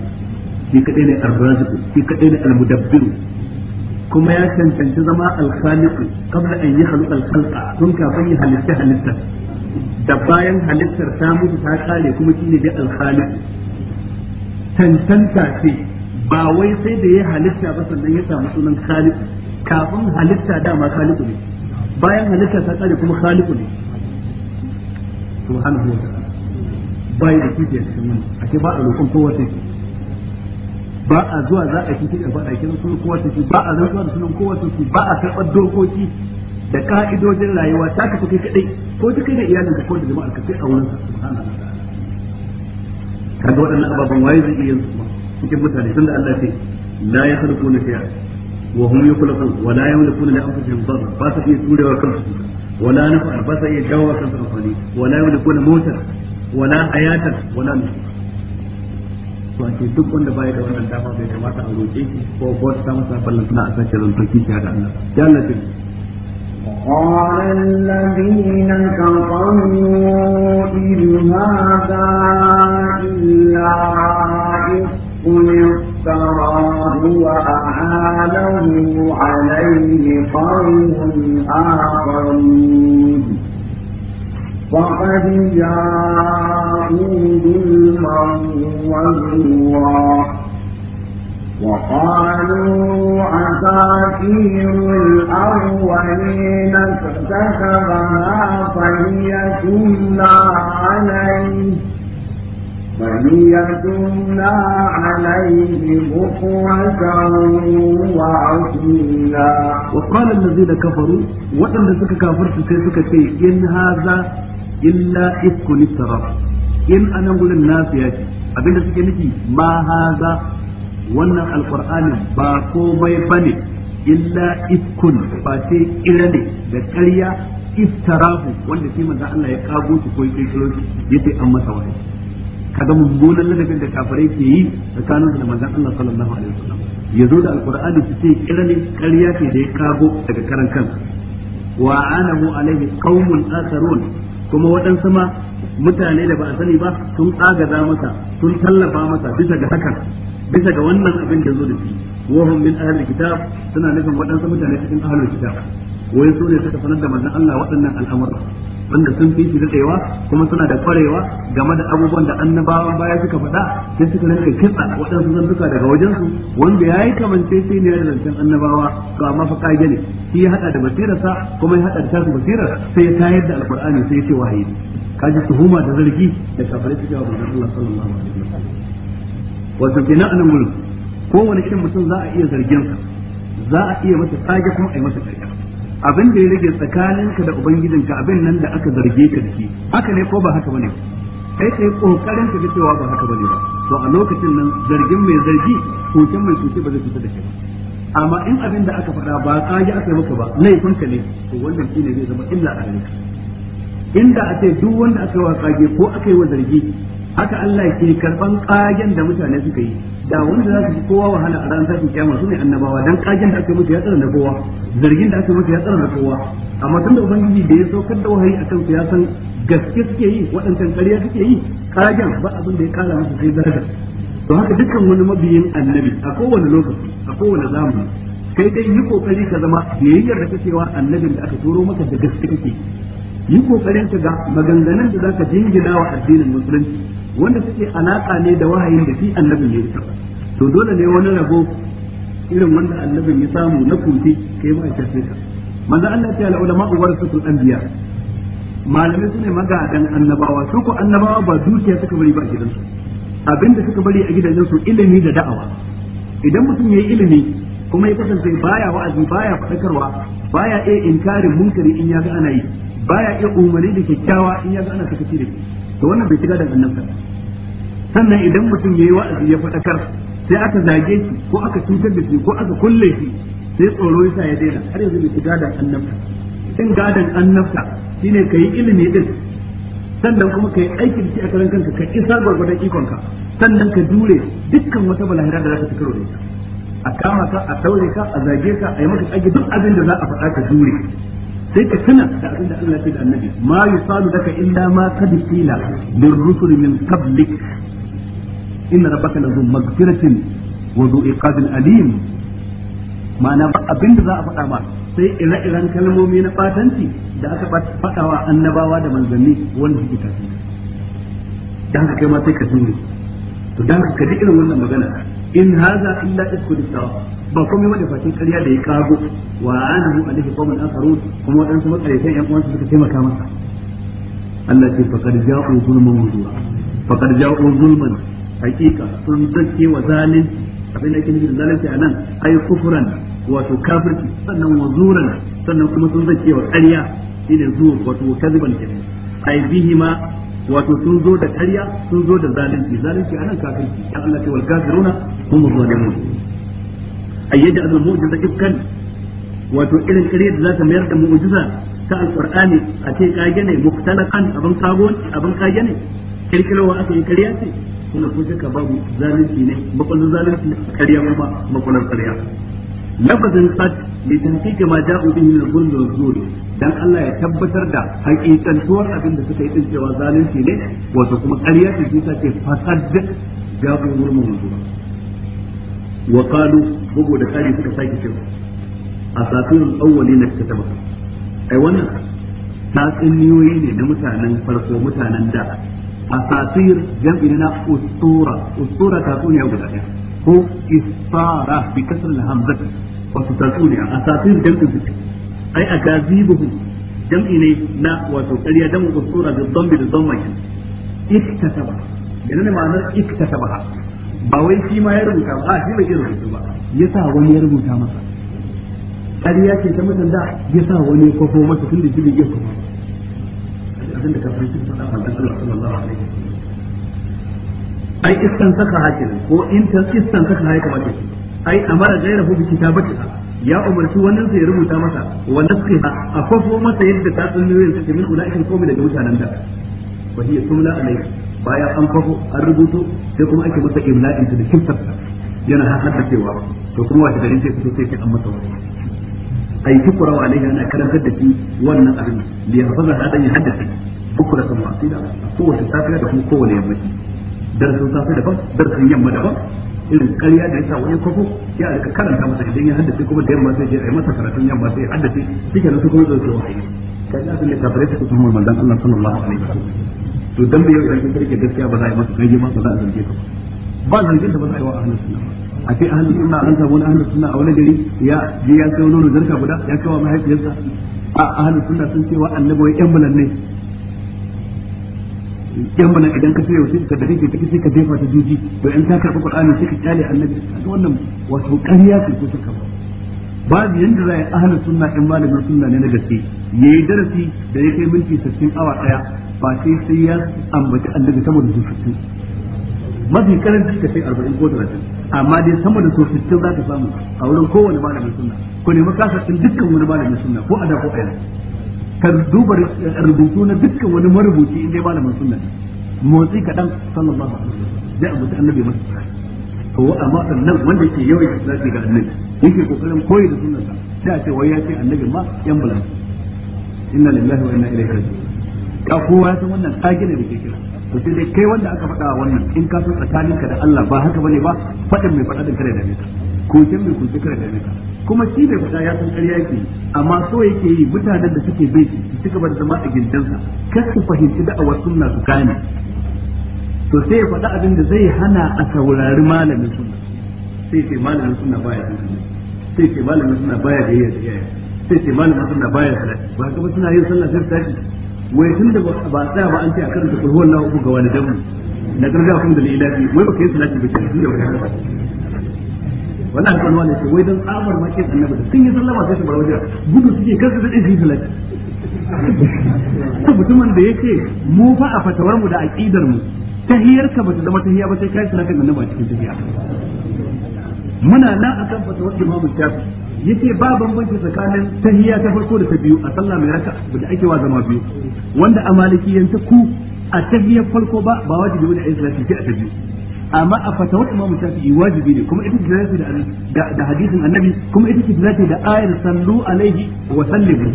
shi kadai ne ar-raziq shi kadai ne almudabbiru kuma ya cancanci zama al-khaliq qabla an yakhluqa al-khalqa tun kafin ya halitta halitta da bayan halittar ta mutu ta kare kuma shi ne dai al-khaliq cancanta ce ba wai sai da ya halitta ba sannan ya samu sunan khaliq kafin halitta dama khaliq ne bayan halitta ta kare kuma khaliq ne subhanahu wa ta'ala Ba bai da kifi a cikin wani Ake ba a roƙon kowa sai shi ba a zuwa za a kifi a faɗa kiran sunan kowa sai shi ba a zuwa da sunan kowa sai shi ba a karɓar dokoki da ka'idojin rayuwa ta ka kai kaɗai ko ta kai da iyalinka ko da jama'ar ka sai a wurin sa subhanahu kaga waɗannan ababen waye zai iya su cikin mutane tunda Allah ce la yakhluquna shay'a wa hum yakhluqun wa la yamlikuna li anfusihim darra ba sa iya turewa kansu wa la nafa ba sa iya jawo kansu amfani wa la yamlikuna mota wala hayatan wala nusuka to ake duk wanda baya da wannan dama bai kamata a roƙe shi ko ko ta masa ballan suna a sace ran sarki shi da Allah ya Allah ce قال الذين كفروا إن هذا إلا إفق افتراه وأعانه عليه قوم آخرون فقد جاءوا بالمن والزرع وقالوا أساطير الأولين اكتسبها فهي تملى عليه فهي تملى عليه بكرة وأصيلا وقال الذين كفروا وإن ذكر كافرت سيفك إن هذا illa iskun istiraf in anan gurin nafiya ce abinda suke nufi ma haza wannan alqur'ani ba komai bane illa iskun ba sai kira ne da ƙarya iftarahu wanda shi manzo Allah ya kago shi ko ya kirkiro shi yace an masa wani kaga mummunan ladabin da kafirai ke yi tsakanin da manzon Allah sallallahu alaihi wasallam yazo da alqur'ani su ce kira ne ƙarya ce da ya kago daga karan kansa wa anahu alaihi qaumun akharun kuma waɗansu ma mutane da ba a sani ba sun agaza masa sun tallafa masa bisa ga hakan bisa ga wannan abin da zo da shi wahum min ahlul kitab suna nufin waɗansu mutane cikin ahlul kitab wai su ne suka sanar da manzon Allah waɗannan al'amura wanda sun fi shi daɗewa kuma suna da kwarewa game da abubuwan da annabawa baya suka faɗa sai suka rinka kitsa waɗansu duka daga wajensu wanda ya yi kamance sai ne da zancen annabawa to amma fa ne shi ya haɗa da basirarsa kuma ya haɗa da tasu basirar sai ya tayar da alƙur'ani sai ya ce wahayi kaji tuhuma da zargi da kafare suke wa manzon Allah sallallahu alaihi wasallam wato kenan anan gurin kowane shin mutum za a iya zargin sa za a iya masa tsage kuma a yi masa tsage abin da ya rage tsakaninka da ubangijinka abin nan da aka zarge ka dake haka ne ko ba haka bane kai kai kokarin ka cewa ba haka bane ba to a lokacin nan zargin mai zargi kokin mai koke ba zai fita da kai amma in abin da aka faɗa ba kaji aka yi maka ba laifin ka ne to wannan shine zai zama illa a gare ka inda a ce duk wanda aka yi wa kage ko aka yi wa zargi haka Allah ke karban kagen da mutane suka yi da wanda za su kowa wahala a ranar tashin kiyama su ne annabawa dan kagen da aka mutu ya tsara da kowa zargin da aka mutu ya tsara da kowa amma tunda ubangiji da ya saukar da wahayi akan su ya san gaske suke yi waɗancan ƙarya suke yi kagen ba abin da ya kala musu sai zarga. to haka dukkan wani mabiyin annabi a kowane lokaci a kowane zamani kai dai yi kokari ka zama biyayyar da kacewa annabin da aka turo maka da gaske kake yi kokarin ka ga maganganun da za ka jingina wa addinin musulunci wanda suke alaka ne da wahayin da shi annabin ya isa to dole ne wani rabo irin wanda annabin ya samu na kuti kai ma ka sai ka manzo Allah ya ce ulama warasatul malamai sune magadan annabawa su ko annabawa ba dukiya suka bari ba a gidansu abinda suka bari a gidansu ilimi da da'awa idan mutum yayi ilimi kuma ya kasance baya wa'azi baya faɗakarwa, baya iya inkarin munkari in ya ga ana yi baya iya umarni da kyakkyawa in ya ga ana sakaci da shi to wannan bai shiga da annabta sannan idan mutum ya yi wa'azi ya faɗakar sai aka zage shi ko aka cutar da shi ko aka kulle shi sai tsoro yasa ya daina har yanzu bai shiga da annabta in gadan annabta shine yi ilimi din sannan kuma kai aiki da shi a karan kanka ka isar gwargwadon ikonka sannan ka jure dukkan wata balahira da zaka tukaro da ita a kama ka a daure ka a zage ka a yi maka tsage duk abin da za a faɗa ka jure sai ka tuna da abin da Allah ya ce da annabi ma yusalu daka illa ma qad qila lir rusul min qablik inna rabbaka lazu maghfiratin wa zu iqabil alim ma'ana ba abin da za a faɗa ma sai ire-iren kalmomi na batanci da aka faɗawa annabawa da manzanni wanda suke tafi da haka kai ma sai ka tuni to dan ka ji irin wannan magana in haza illa isku da ba komai wanda fashin ƙarya da ya kago wa anahu alaihi qawmun akharun kuma waɗansu makarifan ƴan uwansu suka taimaka masa Allah ce faqad ja'u zulman wuduwa faqad ja'u zulman hakika sun zake wa zalim abin da yake nufi da zalunci a nan ai kufran wato kafirci sannan wa zuran sannan kuma sun zake wa ƙarya shine zuwa wato kaziban kenan ai bihima wato sun zo da karya sun zo da zalunci zalunci anan kafirci ya Allah ce wal kafiruna hum zalimun A ayyada al mu'jiza ifkan wato irin kare da za ta mayar da mu'jiza ta alqur'ani a ce kage ne muktalakan abin kago abin kage ne kirkirowa aka yi kariya ce kuma ko shakka babu zalunci ne makwalin zalunci kariya kuma makwalin kariya lafazin qad li tanqiqa ma ja'u bihi min al-zulm wa al dan Allah ya tabbatar da hakikantuwar abin da suka yi din cewa zalunci ne wato kuma kariya ce shi ta ce fasad ja'u murmun wa qalu bugu da kari suka sake cewa asatirul awwalin kataba ai wannan niyoyi ne na mutanen farko mutanen da a asatir jam'i na ustura ustura tatsuniya guda ɗaya ko istara bi kasr al hamzat wato tatsuniya asatir jam'i guda ai a akazibuhum jam'i ne na wato ƙarya damu ustura bi dhambi da dhamma ta yana ganin ma'anar ta iktataba ba wai shi ma ya rubuta ba a shi bai rubuta ba ya sa wani ya rubuta masa ƙarya ce ta mutum da ya sa wani ya kwafo masa tun da shi bai iya kwafo abinda ka fahimci ta faɗa faɗa Allah sallallahu alaihi wasallam ai istan saka hakin ko in ta istan saka hakin kamar shi ai amara gaira hu bi kitabatiha ya umarci wannan sai ya rubuta masa wa nasqiha a kwafo masa yadda ta tsunniyoyin take min ulaikin komai daga mutanen da wa hiya tumla alaihi bayan an kwafo an rubuto sai kuma ake masa imla'in da kimtar yana haɗar da cewa to kuma wata garin sai fito sai ke an masa wani ai tukura wa alaiha ana karantar da shi wannan abin da ya fara hadan ya haddace bukura kan wasila kowace safiya da kuma kowane yammaci darasin safiya daban darasin yamma daban irin ƙarya da yasa wani kwafo ya alka karanta masa idan ya haddace kuma da yamma sai ya yi masa karatun yamma sai ya haddace shi kenan su kuma zai zo wahayi kaji abin da kafirai suka tuhumar manzon Allah sallallahu alaihi wasallam to dan bai idan kun ke gaskiya ba za a yi masa kai ma ba za a zarge ka ba zargin da ba za a yi wa ahlus sunna a ce ahlus sunna an samu wani ahlus sunna a wani gari ya je ya kai nono zarka guda ya kawo mahaifiyarsa a ahlus sunna sun ce wa annabawa yan bulan ne yan bana idan ka sai wasu ka ke ka sai ka jefa ta juji to in ta karɓi qur'ani sai ka kyale annabi wannan wato ƙarya ce ko suka ba babu yanda za a yi ahalin sunna in malamin sunna ne na gaske ya yi darasi da ya kai minti sassin awa ɗaya ba sai sai ya ambaci annabi sama da sassin mafi karanci ka sai arba'in ko talatin amma dai sama da sassin za ka samu a wurin kowane malamin sunna ko nemi kasashen dukkan wani malamin sunna ko a da ko a yana ka duba rubutu na dukkan wani marubuci in dai malamin sunna motsi kaɗan sallallahu alaihi wasallam zai ambaci annabi masu to amma sannan wanda yake yawan islati ga annabi yake kokarin koyi da sunnarsa Da a ce wai ya ce annabi ma yan bulan inna lillahi wa inna ilaihi ka kowa ya san wannan tsage ne da ke kira to dai kai wanda aka faɗa wannan in ka san ka da Allah ba haka bane ba faɗin mai faɗa din kare da ne ka kokin mai kokin da ne kuma shi bai faɗa ya san ƙarya yake amma so yake yi mutanen da suke bai su cigaba da zama a gindansa kar su fahimci da'awar sunna su gane to sai ya faɗi abin da zai hana a saurari malamin suna. sai ce malamin suna baya da sai ce malamin suna baya da yayi iyaye sai ce malamin suna baya da salati ba kuma suna yin sallah sai tashi wai tun da ba tsaya ba an ce a karanta kulhu wallahu ku ga walidan mu na garga kun da lilafi wai ba kai salati ba kenan da wai wannan kan wani ce wai dan tsabar ma kin annabi sun yi sallama sai su bar wajen gudu suke kansu da ɗin salati ko mutumin da yake mu fa a fatawar mu da aqidar mu Tahiyar ba ta zama tahiya ba sai kai sura kan annabi a cikin tahiya muna nan akan fatawar imamu shafi yace ba bambanci tsakanin tahiyya ta farko da ta biyu a sallah mai raka da ake wa zama biyu wanda a ta ku a tahiyyar farko ba ba wajibi ne a yi salati sai a ta biyu amma a fata fatawar imamu shafi'i wajibi ne kuma ita ce zai da da hadisin annabi kuma ita ce zai da ayar sallu alaihi wa sallimu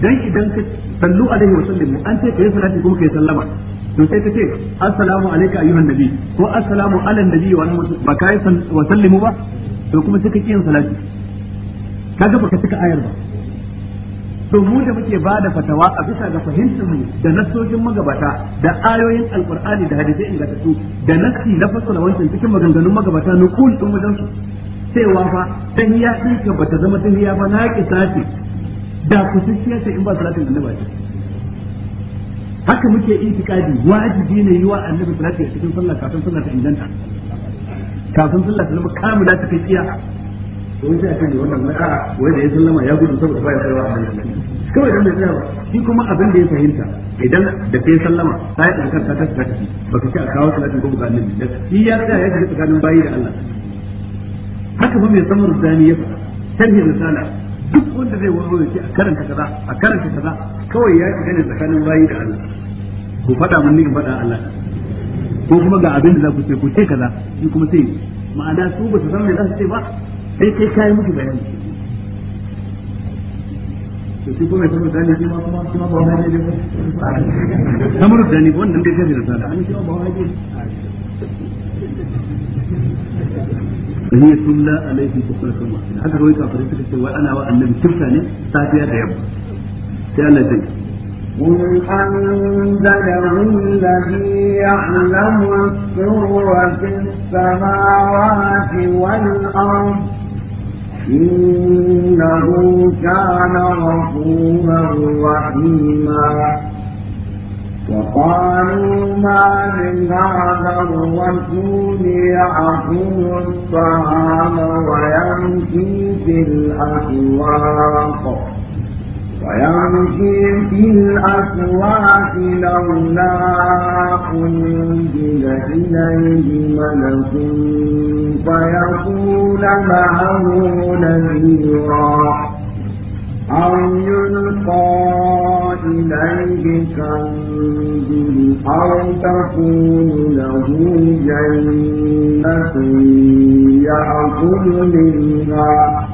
dan idan ka sallu alaihi wa sallimu an ce kai salati kuma kai sallama to sai ta ce assalamu alayka ayyuhan nabi ko assalamu ala nabi wa rahmatu ba kai wa sallimu ba to kuma suka kiyin salati kaga baka cika ayar ba to mu da muke ba da fatawa a bisa ga fahimtar mu da nasojin magabata da ayoyin alqur'ani da hadisi da ingantattu da nasi na fassara wancan cikin maganganun magabata na kul din wajen su cewa fa dan ya dinka bata zama dan ya ba na ki sati da kusaciya ta in ba salatin annabi haka muke intikadi wajibi ne yiwa annabi sallallahu alaihi cikin sallah kafin sallah ta inganta kafin sallah ta zama kamila ta kai kiya to sai akan ne wannan maka wai da ya sallama ya gudu saboda baya tsayawa a nan kawai dan bai tsaya ba shi kuma abin da ya fahimta idan da kai sallama sai da kanka ta tsaka ciki baka ci a kawo salatin gobe ga annabi da shi ya tsaya ya ji tsakanin bayi da Allah haka ba mai samun zani ya fara sana. duk wanda zai wani wani a karanta kaza a karanta kaza kawai ya shiga ne tsakanin bayi da Allah ku faɗa mun in faɗa Allah ko kuma ga abin da za ku ce ku ce kaza shi kuma sai ma'ana su ba su san me za su ce ba sai kai kai muku bayani to shi kuma kamar dani shi ma kuma shi ma ba wani ne kamar dani wannan da ya shafi da sala an shi ba wani ne بني تملى عليه بكرة واحدة حتى رويت عن في السواء أنا وأن كفتاني ساعتها دعم سأل زي قل أنزله الذي يعلم السر في السماوات والأرض إنه كان غفورا رحيما وقالوا ما من هذا الرسول يأكل الطعام ويمشي في الأسواق ويمشي في الأسواق لولا أنزل إليه ملك فيكون معه نذيرا أو يلقى إليه كنز أو تكون له جنة يأكل منها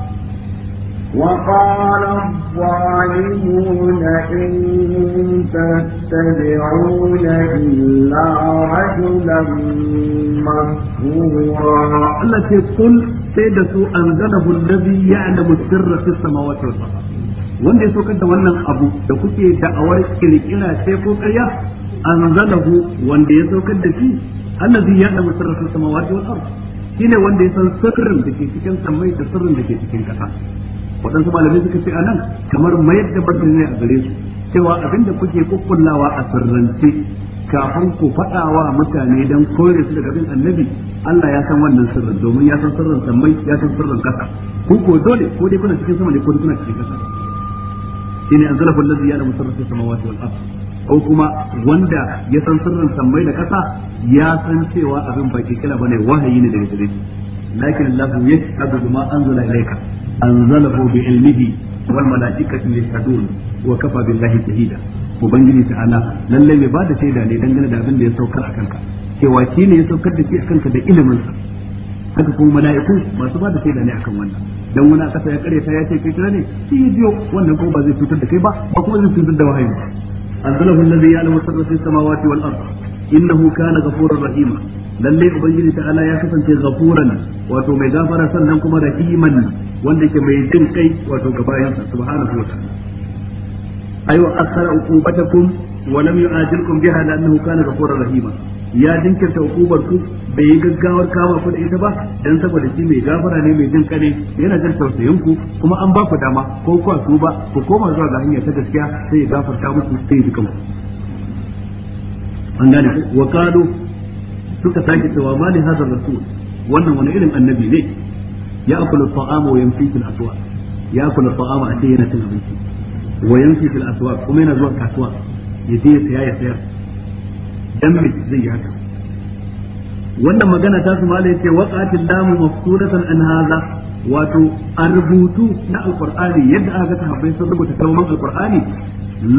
وقال الظالمون إن تتبعون إلا رجلا مسهورا التي قلت سيدة أنزله الذي يعلم السر في السماوات والأرض wanda ya saukar da wannan abu da kuke da'awar kirkira sai ko an anzalahu wanda ya saukar da shi allazi ya da musarrafa samawati wal ard shine wanda ya san sirrin da ke cikin samai da sirrin da ke cikin ƙasa waɗansu malamai suka ce anan kamar mayar da barkar ne a gare su cewa abinda kuke kukkullawa a sirrance kafin ku faɗawa mutane don kore su daga bin annabi Allah ya san wannan sirrin domin ya san sirrin samai ya san sirrin ƙasa ku ko dole ko dai kuna cikin sama ne ko kuna cikin kasa shine anzalahu allazi ya'lamu sirra samawati wal ard ko kuma wanda ya san sirrin sammai da kasa ya san cewa abin ba ke kila bane wahayi ne daga gare shi lakin allah yashhadu bima anzala ilayka anzalahu bi ilmihi wal malaikatu yashhadun wa kafa billahi shahida ubangiji ta'ala lalle mai bada shaida ne dangane da abin da ya saukar akan ka cewa shi ne ya saukar da shi akan ka da ilimin sa haka kuma mala'iku masu bada shaida ne akan wannan dan wani kasa ya kare ta ya ce kai kira ne shi ya biyo wannan kuma ba zai cutar da kai ba ba kuma zai cutar da wahayi ba anzalahu alladhi ya'lamu sirra fis samawati wal ard innahu kana ghafurur rahima lalle ubangiji ta'ala ya kasance ghafuran wato mai gafara sannan kuma rahiman wanda ke mai jin kai wato ga bayansa subhanahu wa ta'ala ayu asara uqubatakum wa lam yu'ajilkum biha lannahu kana ghafurur rahima ya jinkirta hukubar ku bai yi gaggawar kama ku da ita ba dan saboda shi mai gafara ne mai jin kane yana jin tausayin ku kuma an ba ku dama ko ku su ba ku koma zuwa ga hanyar ta gaskiya sai ya gafarta muku sai ya dukan an gane wa qalu suka sake cewa mali hadar rasul wannan wani irin annabi ne ya akulu ta'ama wa yamshi fil aswaq ya akulu ta'ama a yana cin abinci wa yamshi fil aswaq kuma yana zuwa kasuwa ya je ya saya ya sayar dan me zai yi haka wannan magana ta su malai ce waqatil lamu mafsuratan an haza wato a rubutu na alqur'ani yadda aka ta habbai sun rubuta kalmomin alqur'ani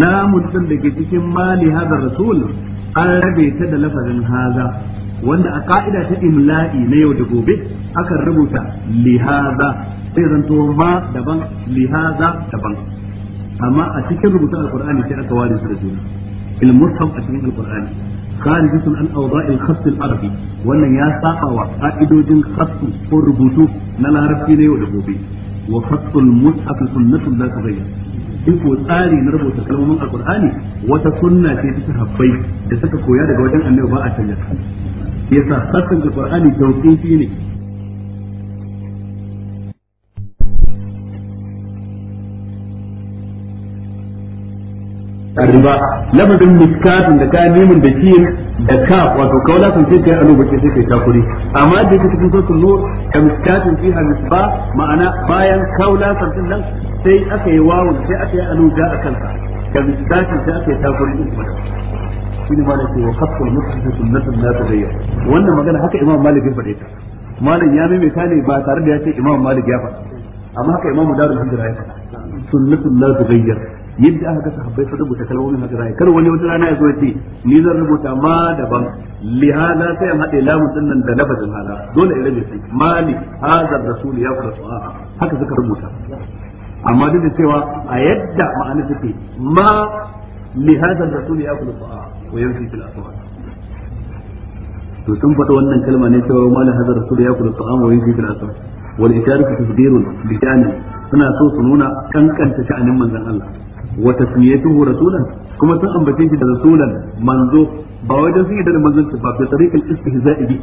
lamun din da ke cikin mali hadha rasul an rabe ta da lafazin haza wanda a ka'ida ta imla'i na yau da gobe akan rubuta lihaza sai zanto ma daban lihaza daban amma a cikin rubutun alqur'ani sai aka ware su da juna ilmushaf a cikin alqur'ani kharijatun an awda'il khass al-arabi wannan ya saba wa ka'idojin khass ko rubutu na larabci na yau da gobe wa khass al-mus'haf sunnatun la tughayyar duk ko tsari na rubuta kalmomin alqur'ani wata sunna ce ta sahabbai da suka koya daga wajen annabi ba a canza yasa sassan alqur'ani tawqifi ne الربا لفظ المسكات da ka mimin da shi wato kaula sun ce kai alu bace sai kai yadda aka kasa habbai su rubuta kalmomin haka zai kar wani wata rana ya zo ce ni zan rubuta ma daban Lihala sai an haɗe lamun dinnan da labadin hada dole in rabe su mali hadar rasul ya fara su'a haka suka rubuta amma duk da cewa a yadda ma'ana take ma li hadar rasul ya fara su'a wa yanfi fil aswaq to sun faɗa wannan kalma ne cewa ma li hadar rasul ya fara su'a wa yanfi fil aswaq wal isharatu tasdirun bi suna so su nuna kankanta sha'anin manzon Allah wa tasmiyatuhu rasulan kuma sun ambace shi da rasulan manzo ba wai dan sun yi da manzon ba bi tariqil istihza'i bi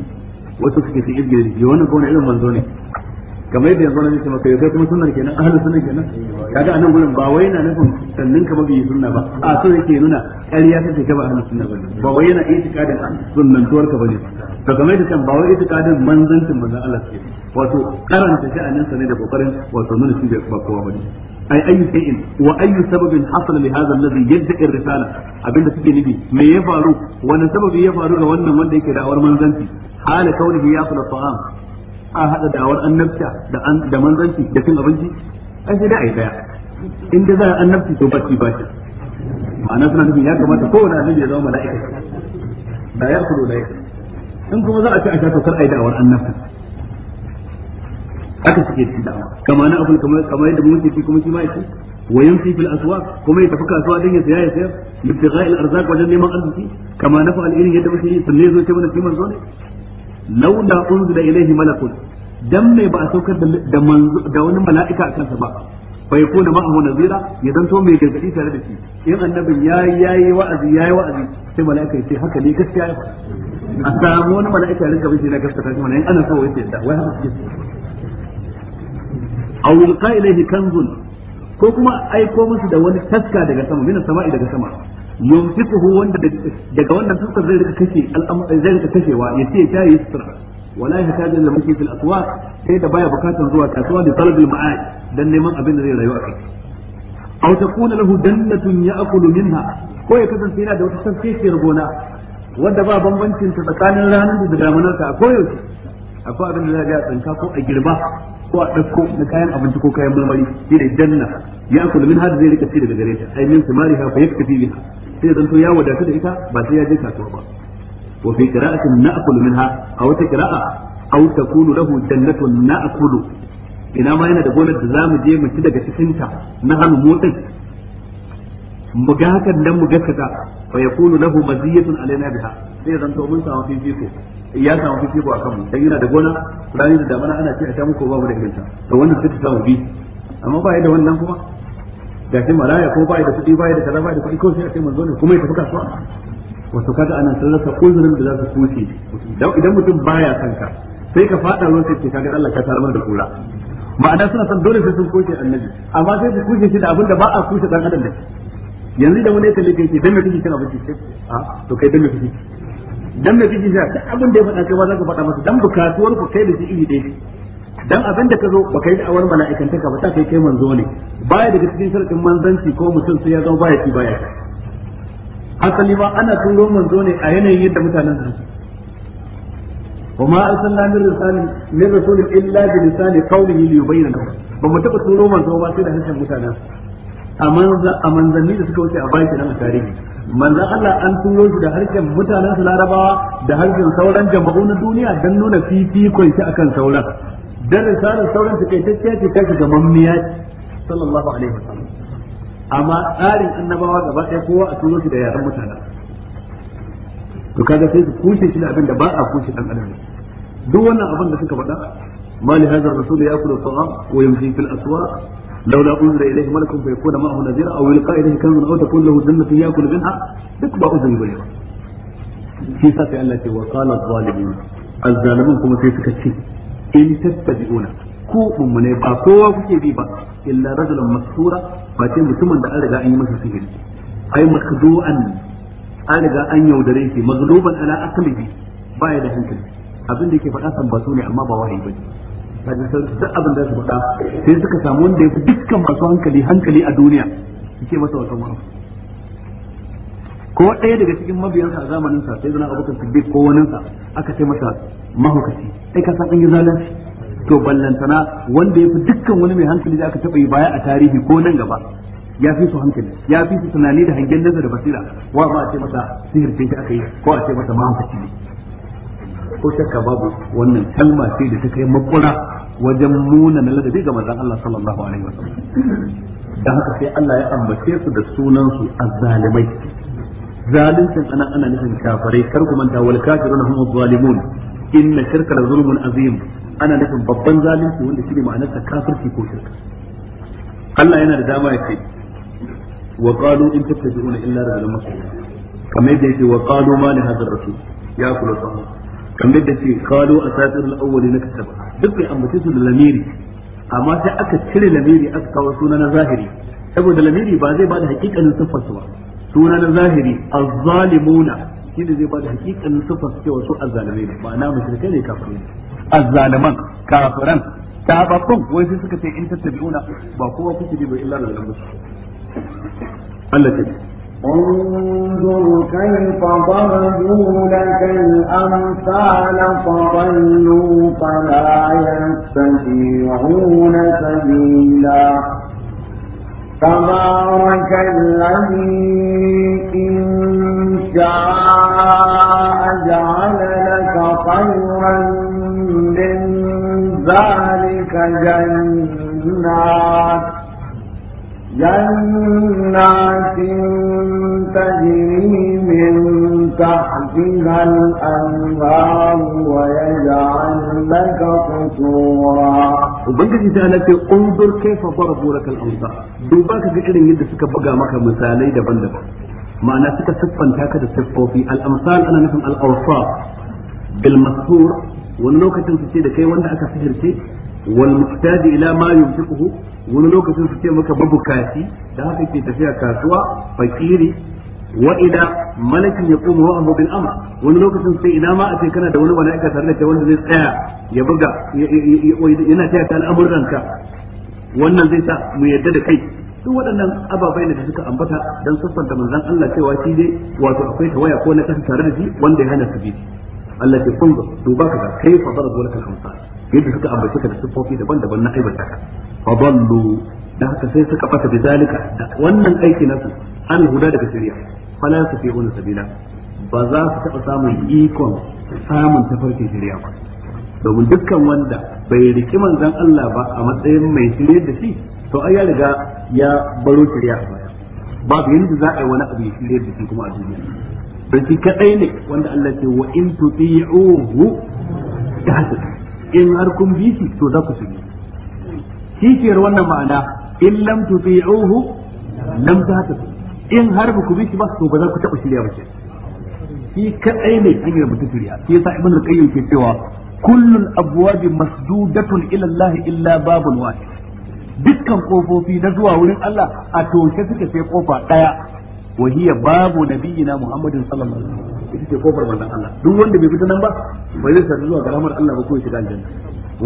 wato suke su izgiri da wannan kawai irin manzo ne kamar yadda yanzu na ce maka yau kuma sunnar kenan ahlu sunna kenan kaga anan gurin ba wai yana nufin sannin ka mabiyi sunna ba a so yake nuna ƙarya ta ce ba ahlu ba ba wai yana itikadin sunnantuwar ka bane to kamar yadda kan ba wai itikadin manzancin manzon Allah ke wato karanta sha'anin sa da kokarin wato nuna shi ba kowa bane ai ayu shay'in wa ayu sababin hasala li hadha alladhi yad'i ar-risala abinda suke nufi me ya faru wani sababi ya faru ga wannan wanda yake da'awar manzanci hala kaunihi ya kula ta'am a hada da'awar annabta da da manzanci da cin abinci ai sai da ai daya in da za a annabci to bacci bacci ma'ana suna nufin ya kamata kowane annabi ya zama mala'ika da ya kudu kuma za a a sha to kar ai da'awar Aka suke cikin da'awa kama na abul kamar yadda muke kuma shi ma yake wa fil aswaq kuma ya tafi kasuwa dan ya saya ya sayar ibtigha al arzaq wajen neman arziki kama na fa al yadda muke yi sunne zo ce mana shi manzo ne malakun dan ba a saukar da manzo da wani mala'ika a kansa ba fa yakuna ma'ahu nazira ya zanto mai gargadi tare da shi in annabin yayi yayi wa'azi yayi wa'azi sai mala'ika ya ce haka ne gaskiya ya faɗa a samu wani mala'ika ya rinka bin shi na gaskata shi mana in ana so ya ce da wai haka aw yulqa ilayhi kanzun ko kuma aiko musu da wani taska daga sama mina sama'i daga sama yumsikuhu wanda daga wannan taskar zai rika kashe zai rika kashewa ya ce ta yi sirra wala yahtaju ila mashi fil aswaq sai da baya bukatar zuwa kasuwa da talabil ma'ad dan neman abin da zai rayu a kai aw takuna lahu dannatun ya'kulu minha ko ya kasance yana da wata tafsiriyar gona wanda ba bambancin ta tsakanin ranar da damunar ta ko akwai abin da za a tsanka ko a girba ko a ɗauko na kayan abinci ko kayan marmari shi ne janna ya kula min hada zai rika ci daga gare ta ai min samariha fa yakfi biha sai zanto ya wadatu da ita ba sai ya je kasuwa ba wa fi qira'atin na'kul minha aw ta qira'a aw takunu lahu jannatun na'kulu ina ma yana da gonar da zamu je mu ci daga cikin ta na hannu motsin mu ga hakan dan mu gaskata fa yakunu lahu maziyatun alaina biha sai zanto mun fi fifiko ya samu ko akan mu dan yana da gona rani da damana ana ce a ta muku ba mu da irinta to wannan sai ta samu bi amma ba da wannan kuma ga shi malaya ko ba da kudi ba da kaza ba da kudi ko sai a ce manzo ne kuma ya tafi kasuwa wato kaga anan sun rasa uzurin da za su dan idan mutum baya kanka sai ka fada ruwan sai ce kaga Allah ka tarar da kura ma'ana suna san dole sai sun kushe annabi amma sai su kushe shi da abin da ba a kushe dan adam da yanzu da wani ya kalle kai dan me kake cin abinci a to kai dan me kake dan mai biji sa duk abin da ya faɗa kai ba za ka faɗa masa dan bukatuwar ku kai da su iri ɗaya dan abin da ka zo ba kai da'awar mala'ikantaka ba ta kai kai manzo ne baya daga cikin sharɗin manzanci ko mutum sai ya zama baya ci baya asali ba ana turo manzo ne a yanayin yadda mutanen su وما أرسلنا من رسول من رسول إلا بلسان قومه ليبين لهم بما تبقى تقولوا من هو واحد هذا المتناسب a manzanni da suka wuce a baki nan a tarihi manzan Allah an turo shi da harshen mutanen larabawa da harshen sauran jama'u na duniya don nuna fifikon shi akan sauran dan risalar sauran ta kai tacciya ce ta shiga mammiya sallallahu alaihi wasallam amma tsarin annabawa gaba ɗaya kowa a turo shi da yaran mutanen to kaga sai su kushe shi da abin da ba a kushe dan adam duk wannan abin da suka faɗa Mali li hadha ar-rasul ya kula taam wa yamshi fil aswaq laula unzira ilayhi malakun fa yakuna ma'ahu nadira aw yulqa ilayhi kanzun aw takun lahu jannatun yakulu minha duk ba uzuri bane ba shi sa sai Allah ce wa qala zalimun azzalimun kuma sai suka ce in tattabi'una ku mummune ba kowa kuke bi ba Ila rajulun masura ba sai mutumin da an riga an yi masa sihiri ai makdu'an an an yaudare shi magluban ala aqlihi ba da hankali abin da yake faɗa san ba su ne amma ba wahayi ba. kaji san duk abin da su faɗa sai suka samu wanda ya fi dukkan masu hankali hankali a duniya suke masa wata wani ko ɗaya daga cikin mabiyansa a zamanin sa sai zana abokan siddiq ko wani sa aka ce masa mahaukaci sai ka san an yi zalunci to ballantana wanda ya fi dukkan wani mai hankali da aka taɓa yi baya a tarihi ko nan gaba ya fi su hankali ya fi su tunani da hangen nasa da basira wa ba a ce masa sihirce shi aka yi ko a ce masa mahaukaci ne ko shakka babu wannan kalma ce da ta kai makura wajen nuna na ladabi ga manzon Allah sallallahu alaihi wasallam dan haka sai Allah ya ambace su da sunan su azzalimai zalincin ana ana nufin kafirai kar ku manta wal kafiruna hum zalimun inna shirka la zulmun azim ana nufin babban zalunci wanda shine ma'anar sa kafirci ko shirka Allah yana da dama ya ce wa qalu in tattabi'una illa rajulan masrura kamar da yake wa qalu ma li hadha ar-rasul ya kula sahu kamar da ce kawo a satir al'awwali na kasaba duk bai ambace su da lamiri amma sai aka cire lamiri aka kawo suna na zahiri saboda lamiri ba zai bada hakikanin siffar su ba suna na zahiri azzalimuna shi ne zai bada hakikanin siffar su cewa su azzalimai ne ba na mushrikai ne kafirai azzaliman kafiran tabakun wai sai suka ce in tattabi'una ba kowa kuke bi ba illa lalabu Allah ta انظر كيف ضربوا لك الأمثال فضلوا فلا يستطيعون سبيلا تبارك الذي إن شاء جعل لك خيرا من ذلك جنات جنات تجري من تحتها الأنهار ويجعل لك قصورا وبنجد إذا أنك انظر كيف ضربوا لك الأمطار دوباك ذكرين يد سكا بقى مكا مثالي دبندبا معنى سكا سفن تاكد السفو في الأمثال أنا نفهم الأوصاف بالمسهور ونوكا تنسي كي وانا أكا سهر wal muhtaji ila ma yumsikuhu wani lokacin su ce maka mabukaci da haka ke tafiya kasuwa fakiri wa ila malakin ya kuma wa amma bil amr wani lokacin sai ina ma a ce kana da wani mala'ika tare da kai wanda zai tsaya ya buga yana taya ka al'amuranka wannan zai sa mu yadda da kai duk waɗannan ababai ne da suka ambata dan sassanta manzon Allah cewa shi ne wato akwai tawaya ko na kasa tare da shi wanda ya hana su bi Allah ke kunga duba ka kaifa darabu lakal amsal yadda suka ambace ka da siffofi daban-daban na aibata ka fa dallu da haka sai suka fata bi zalika da wannan aiki nasu an huda daga shari'a fala yasfi'un sabila ba za su taɓa samun ikon samun tafarkin shari'a ba domin dukkan wanda bai riki manzon Allah ba a matsayin mai shirye da shi to ai ya riga ya baro shari'a ba babu yanda za a yi wani abu ya shirye da shi kuma a duniya don shi ne wanda Allah ce wa in tuti'uhu ta hasaka in har kun bi shi to za ku shige kishiyar wannan ma'ana in lam tuti'uhu lam tahtadu in har ku bi shi ba to ba za ku taɓa shirya ba ke shi kadai ne hanyar mutum shirya shi yasa ibn al-qayyim ke cewa kullul abwabi masdudatun ila Allah illa babul wahid dukkan kofofi na zuwa wurin Allah a toshe suka sai kofa daya wa hiya babu nabiyina Muhammadin sallallahu alaihi wasallam ita ce kofar manzon Allah duk wanda bai fita nan ba ba zai sadu zuwa ga rahmar Allah ba ko ya shiga aljanna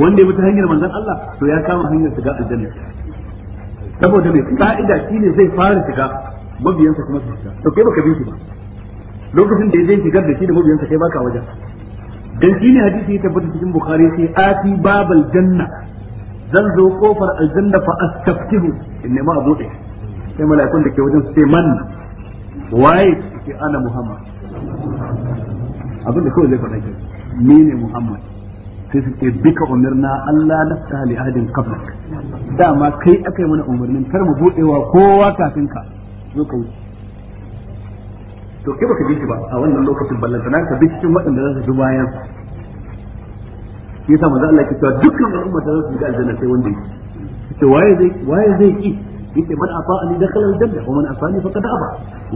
wanda ya fita hanyar manzon Allah to ya kama hanyar shiga aljanna saboda mai ka'ida shine zai fara shiga mabiyansa kuma su shiga to kai baka bi su ba lokacin da zai shigar da shi da mabiyansa kai baka wajen dan shine hadisi ya tabbata cikin bukhari sai ati babal janna zan zo kofar aljanna fa astaftihu inna ma abude sai mala'ikun da ke wajen sai man waye ke ana muhammad Abin da kawai zai faɗa kenan ni ne Muhammad sai su ce bika umirna Allah nafsa li ahadin qablak dama kai aka yi mana umarnin kar mu budewa kowa kafin ka zo ka wuce to ke baka ji shi ba a wannan lokacin ballantana ka bi cikin waɗanda za su ji bayan yasa manzo Allah ke cewa dukkan al'umma ta zasu ga aljanna sai wanda yake ce waye zai waye zai ki yake man ata'ani dakhala aljanna wa man asani faqad aba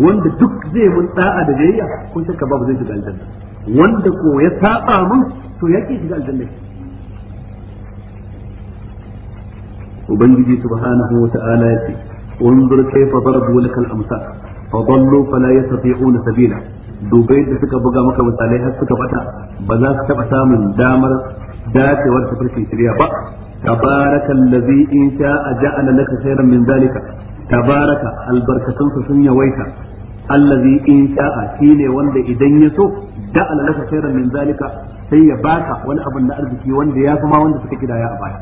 wanda duk zai mun da'a da biyayya kun ka babu zai shiga aljanna wanda ko ya saba mun to ya ke shiga aljanna ubangiji subhanahu wa ta'ala ya ce unzur kayfa darabu lakal amsal fa dallu fala yastati'una sabila dubai da suka buga maka misalai har suka bata ba za su taba samun damar dacewar tafarkin shirya ba tabarakallazi in sha'a ja'ala laka khairan min zalika tabaraka albarkatunsa sun yawaita allazi in sha'a shine wanda idan ya so ja'ala laka khairan min zalika sai ya baka wani abin na arziki wanda ya kuma wanda suka kidaya a baya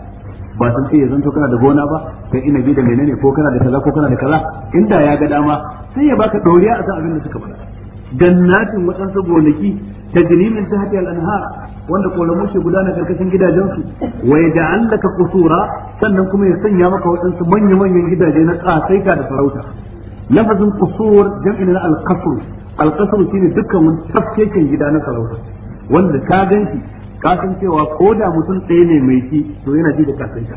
ba san sai ya zanto kana da gona ba kai inabi da menene ko kana da kaza ko kana da kaza inda ya ga dama sai ya baka doriya a san abin da suka faɗa jannatin waɗansu gonaki ta jinimin ta hatiyar anhar wanda kolamu ke gudana karkashin gidajensu wa ya ja'al laka kusura sannan kuma ya sanya maka waɗansu manya-manyan gidaje na tsasaita da sarauta lafazin kusur jam'in na al-qasr alƙasar ne dukkan wani tafkeken gida na sarauta wanda ka ganki ka san cewa ko da mutum ɗaya ne mai shi to yana ji da kasanta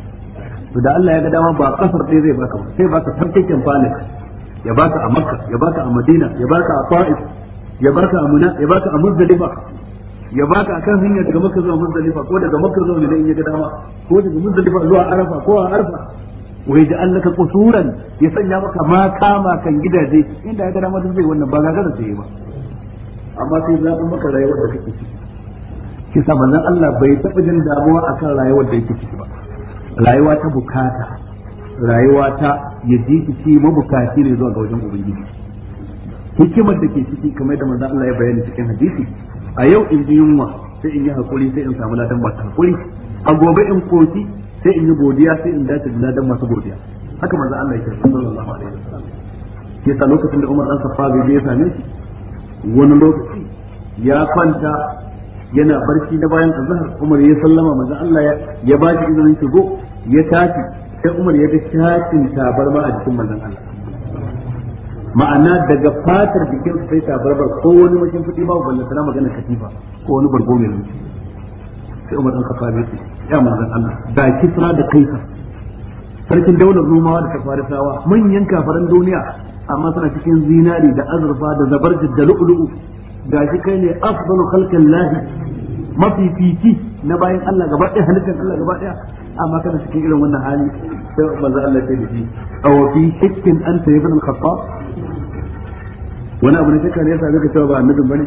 to da Allah ya ga dama ba kasar ɗaya zai baka sai baka tafkeken falik ya baka a Makka ya baka a Madina ya baka a Fa'is ya baka a Muna ya baka a Muzdalifa ya baka akan hanya daga Makka zuwa Muzdalifa ko daga Makka zuwa madina in ya ga dama ko daga Muzdalifa zuwa Arafa ko a Arafa wai da Allah ka kusuran ya sanya maka ma kama kan gidaje inda ya ga dama zai wannan ba gagara yi ba amma sai zaɓi maka rayuwar da kake ciki kisa manzon Allah bai taɓa jin damuwa akan rayuwar da yake ciki ba rayuwa ta bukata rayuwa ta ya ji ciki mabukaci ne zuwa ga wajen ubangiji hikimar da ke ciki kamar da manzon Allah ya bayyana cikin hadisi a yau in ji yunwa sai in yi hakuri sai in samu ladan ba hakuri a gobe in koki sai in yi godiya sai in dace da ladan masu godiya haka manzo Allah ya kira sallallahu alaihi wasallam ke sa lokacin da Umar dan safa bai je same shi wani lokaci ya kwanta yana barci da bayan azhar Umar ya sallama manzo Allah ya ba shi izinin shigo ya tafi, sai Umar ya ga shafin tabarma a jikin mazan Allah ma'ana daga fatar jikin sai tabarbar ko wani mashin fudi ba ballata na magana katifa ko wani bargo mai rufi sai Umar dan Khattab ya ce ya manzon Allah da Kisra da Kaisar sarkin daular Rumawa da Kafarisawa manyan kafaran duniya amma suna cikin zinari da azurfa da zabarjid da lu'lu'u ga shi kai ne afdalu khalqin lahi mafifici na bayan Allah gaba ɗaya halittar Allah gaba ɗaya amma kana cikin irin wannan hali sai manzon Allah ya ce aw fi shakkin anta ibn al-Khattab wani abu ne kake ne yasa kake cewa ba annabin bane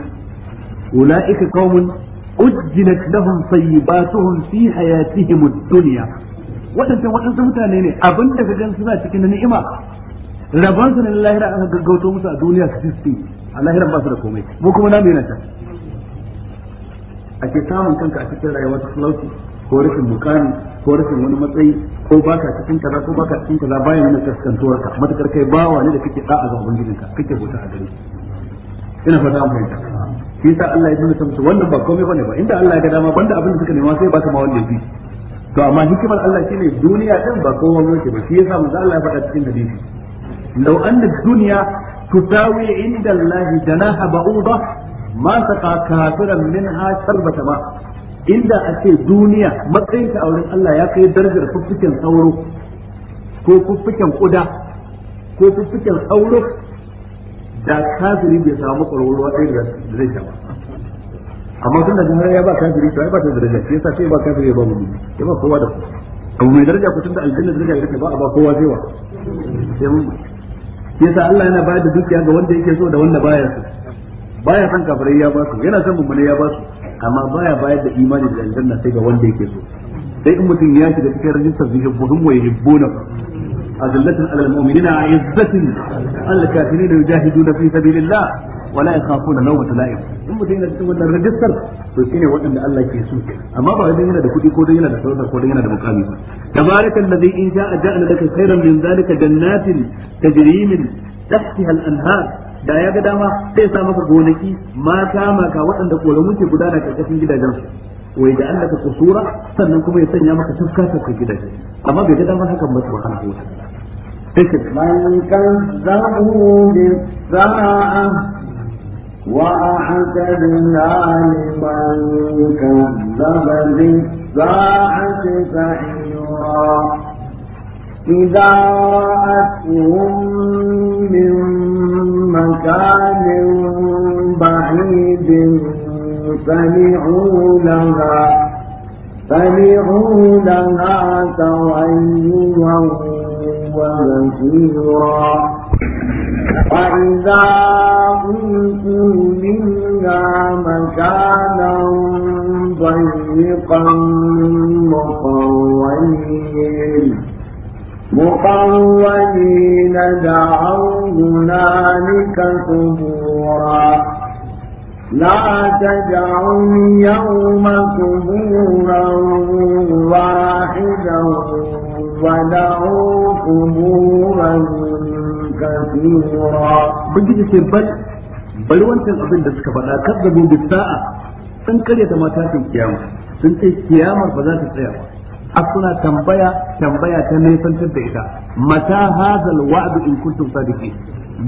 ulaika qaumun ujjilat lahum sayyibatuhum fi hayatihim ad-dunya wadannan wadannan mutane ne abin da ka gan suna cikin ni'ima rabon su ne lahira aka gaggauto musu a duniya su fiske a lahiran ba su da komai mu kuma na yana ta ake samun kanka a cikin rayuwa ta talauci ko rashin mukami ko rashin wani matsayi ko baka cikin kaza ko baka cikin kaza bayan nuna kaskantuwar ka matakar kai bawa ne da kake da'a ga ubangijinka kake bota a gare ina fata mu yanka shi yasa Allah ya nuna musu wannan ba komai bane ba inda Allah ya ga dama banda abin da suka nema sai baka ma wanda yafi to amma hikimar Allah shine duniya din ba kowa yake ba shi yasa manzo Allah ya faɗa cikin hadisi law anna dunya tusawi inda Allah janaha ba'uda ma saqa kafiran minha sharbata ba. inda ake duniya matsayin ta auren Allah ya kai darajar fuffuken sauro ko fuffuken kuda ko fuffuken sauro da kafiri bai samu ruwa ɗaya da zai sha ba amma tun da jihar ya ba kafiri to ai ba ta daraja shi yasa sai ba kafiri ya ba mu ya ba kowa da kowa abu mai daraja ku tun da aljanna daraja ta ba a ba kowa zai wa sai mun shi yasa Allah yana bayar da dukiya ga wanda yake so da wanda baya so baya san kafirai ya ba su yana san mummune ya ba su amma baya bayar da imani da aljanna sai ga wanda yake so sai in mutum ya shiga cikin rajistar zuhibbuhum wa na أذلة على المؤمنين عزة على الكافرين يجاهدون في سبيل الله ولا يخافون نومة لائم in mutum yana cikin wannan rajistar to shine waɗanda Allah ke so amma ba idan yana da kuɗi ko dan yana da sarauta ko dan yana da mukami ba tabarakal ladhi in sha'a ja'ala laka khayran min zalika jannatin tajri min tahtiha al-anhar da ya ga dama sai sa maka gonaki mata maka waɗanda koramun ke gudana karkashin gidajen wai da Allah ka kusura sannan kuma ya sanya maka tufka ta ka gidaje amma bai ga damar hakan ba subhanahu wa ta'ala من كذبه بالساعة وأعتدنا لمن كذب بالساعة سعيرا إذا رأتهم من مكان بعيد سمعوا لها سمعوا لها تغيرا ونفيرا وإذا قلتم منها مكانا ضيقا مقوين مقولين دعوا هنالك ثبورا لا تدعوا يوم ثبورا واحدا ودعوا ثبورا كثيرا بجد سيبت بل وانت الأبن دسك فلا كذبوا بالساعة تنكر يتماتات القيامة تنكر القيامة فذات القيامة أصلا تنبيا تنبيا تنبيا تنبيا تنبيا متى هذا الوعد إن كنتم صادقين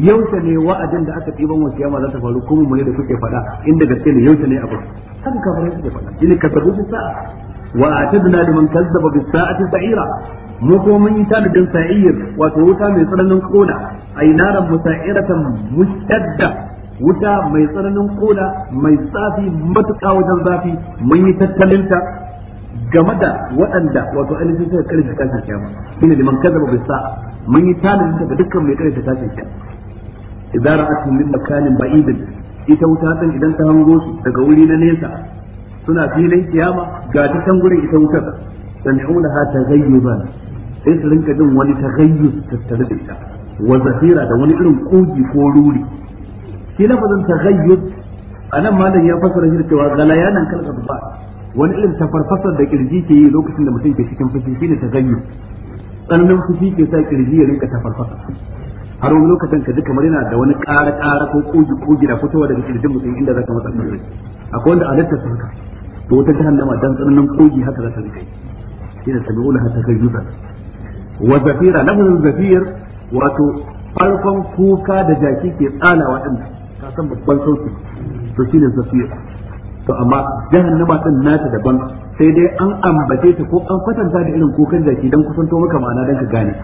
yaushe ne wa'adin da aka tsiban wa kiyama za ta faru kuma mun da kuke faɗa inda gaske ne yaushe ne abu haka kafirai suke faɗa shine kasabu bi sa'a wa atadna liman kazzaba bis sa'ati sa'ira mu kuma mun yi tanadin sa'ir wato wuta mai tsananin koda ay naran musa'iratan mustadda wuta mai tsananin koda mai tsafi matuƙa wajen zafi mun yi tattalinta game da waɗanda wato ainihin suka karanta tashin kiyama shine liman kazzaba bis sa'a mun yi tanadin ga dukkan mai karanta tashin kiyama idan ra'atun min makanin ba'idin ita wuta din idan ta hango su daga wuri na nesa suna filin kiyama ga ta can gurin ita wutar sami'una ha tagayyuban sai su rinka jin wani tagayyus tattare da ita wa zahira da wani irin kogi ko ruri shi lafazin a nan malam ya fasara shi cewa galayanan kalkar ba wani irin tafarfasar da kirji ke yi lokacin da mutum ke cikin fushi shine tagayyus tsananin fushi ke sa kirji ya rinka tafarfasa har wani lokacin ka ji kamar yana da wani ƙara ƙara ko kogi kogi da fitowa daga cikin mutum inda zaka masa alƙalai akwai wanda halittar su haka to wata jahannama dan tsananin kogi haka za ta kai. yi shine sabi'ul hatta kai yusa wa zafira lafazin zafir wato farkon kuka da jaki ke tsalawa din ka san babban sauki to shine zafir to amma jahannama din nata daban sai dai an ambace ta ko an kwatanta da irin kukan jaki dan kusanto maka ma'ana dan ka gane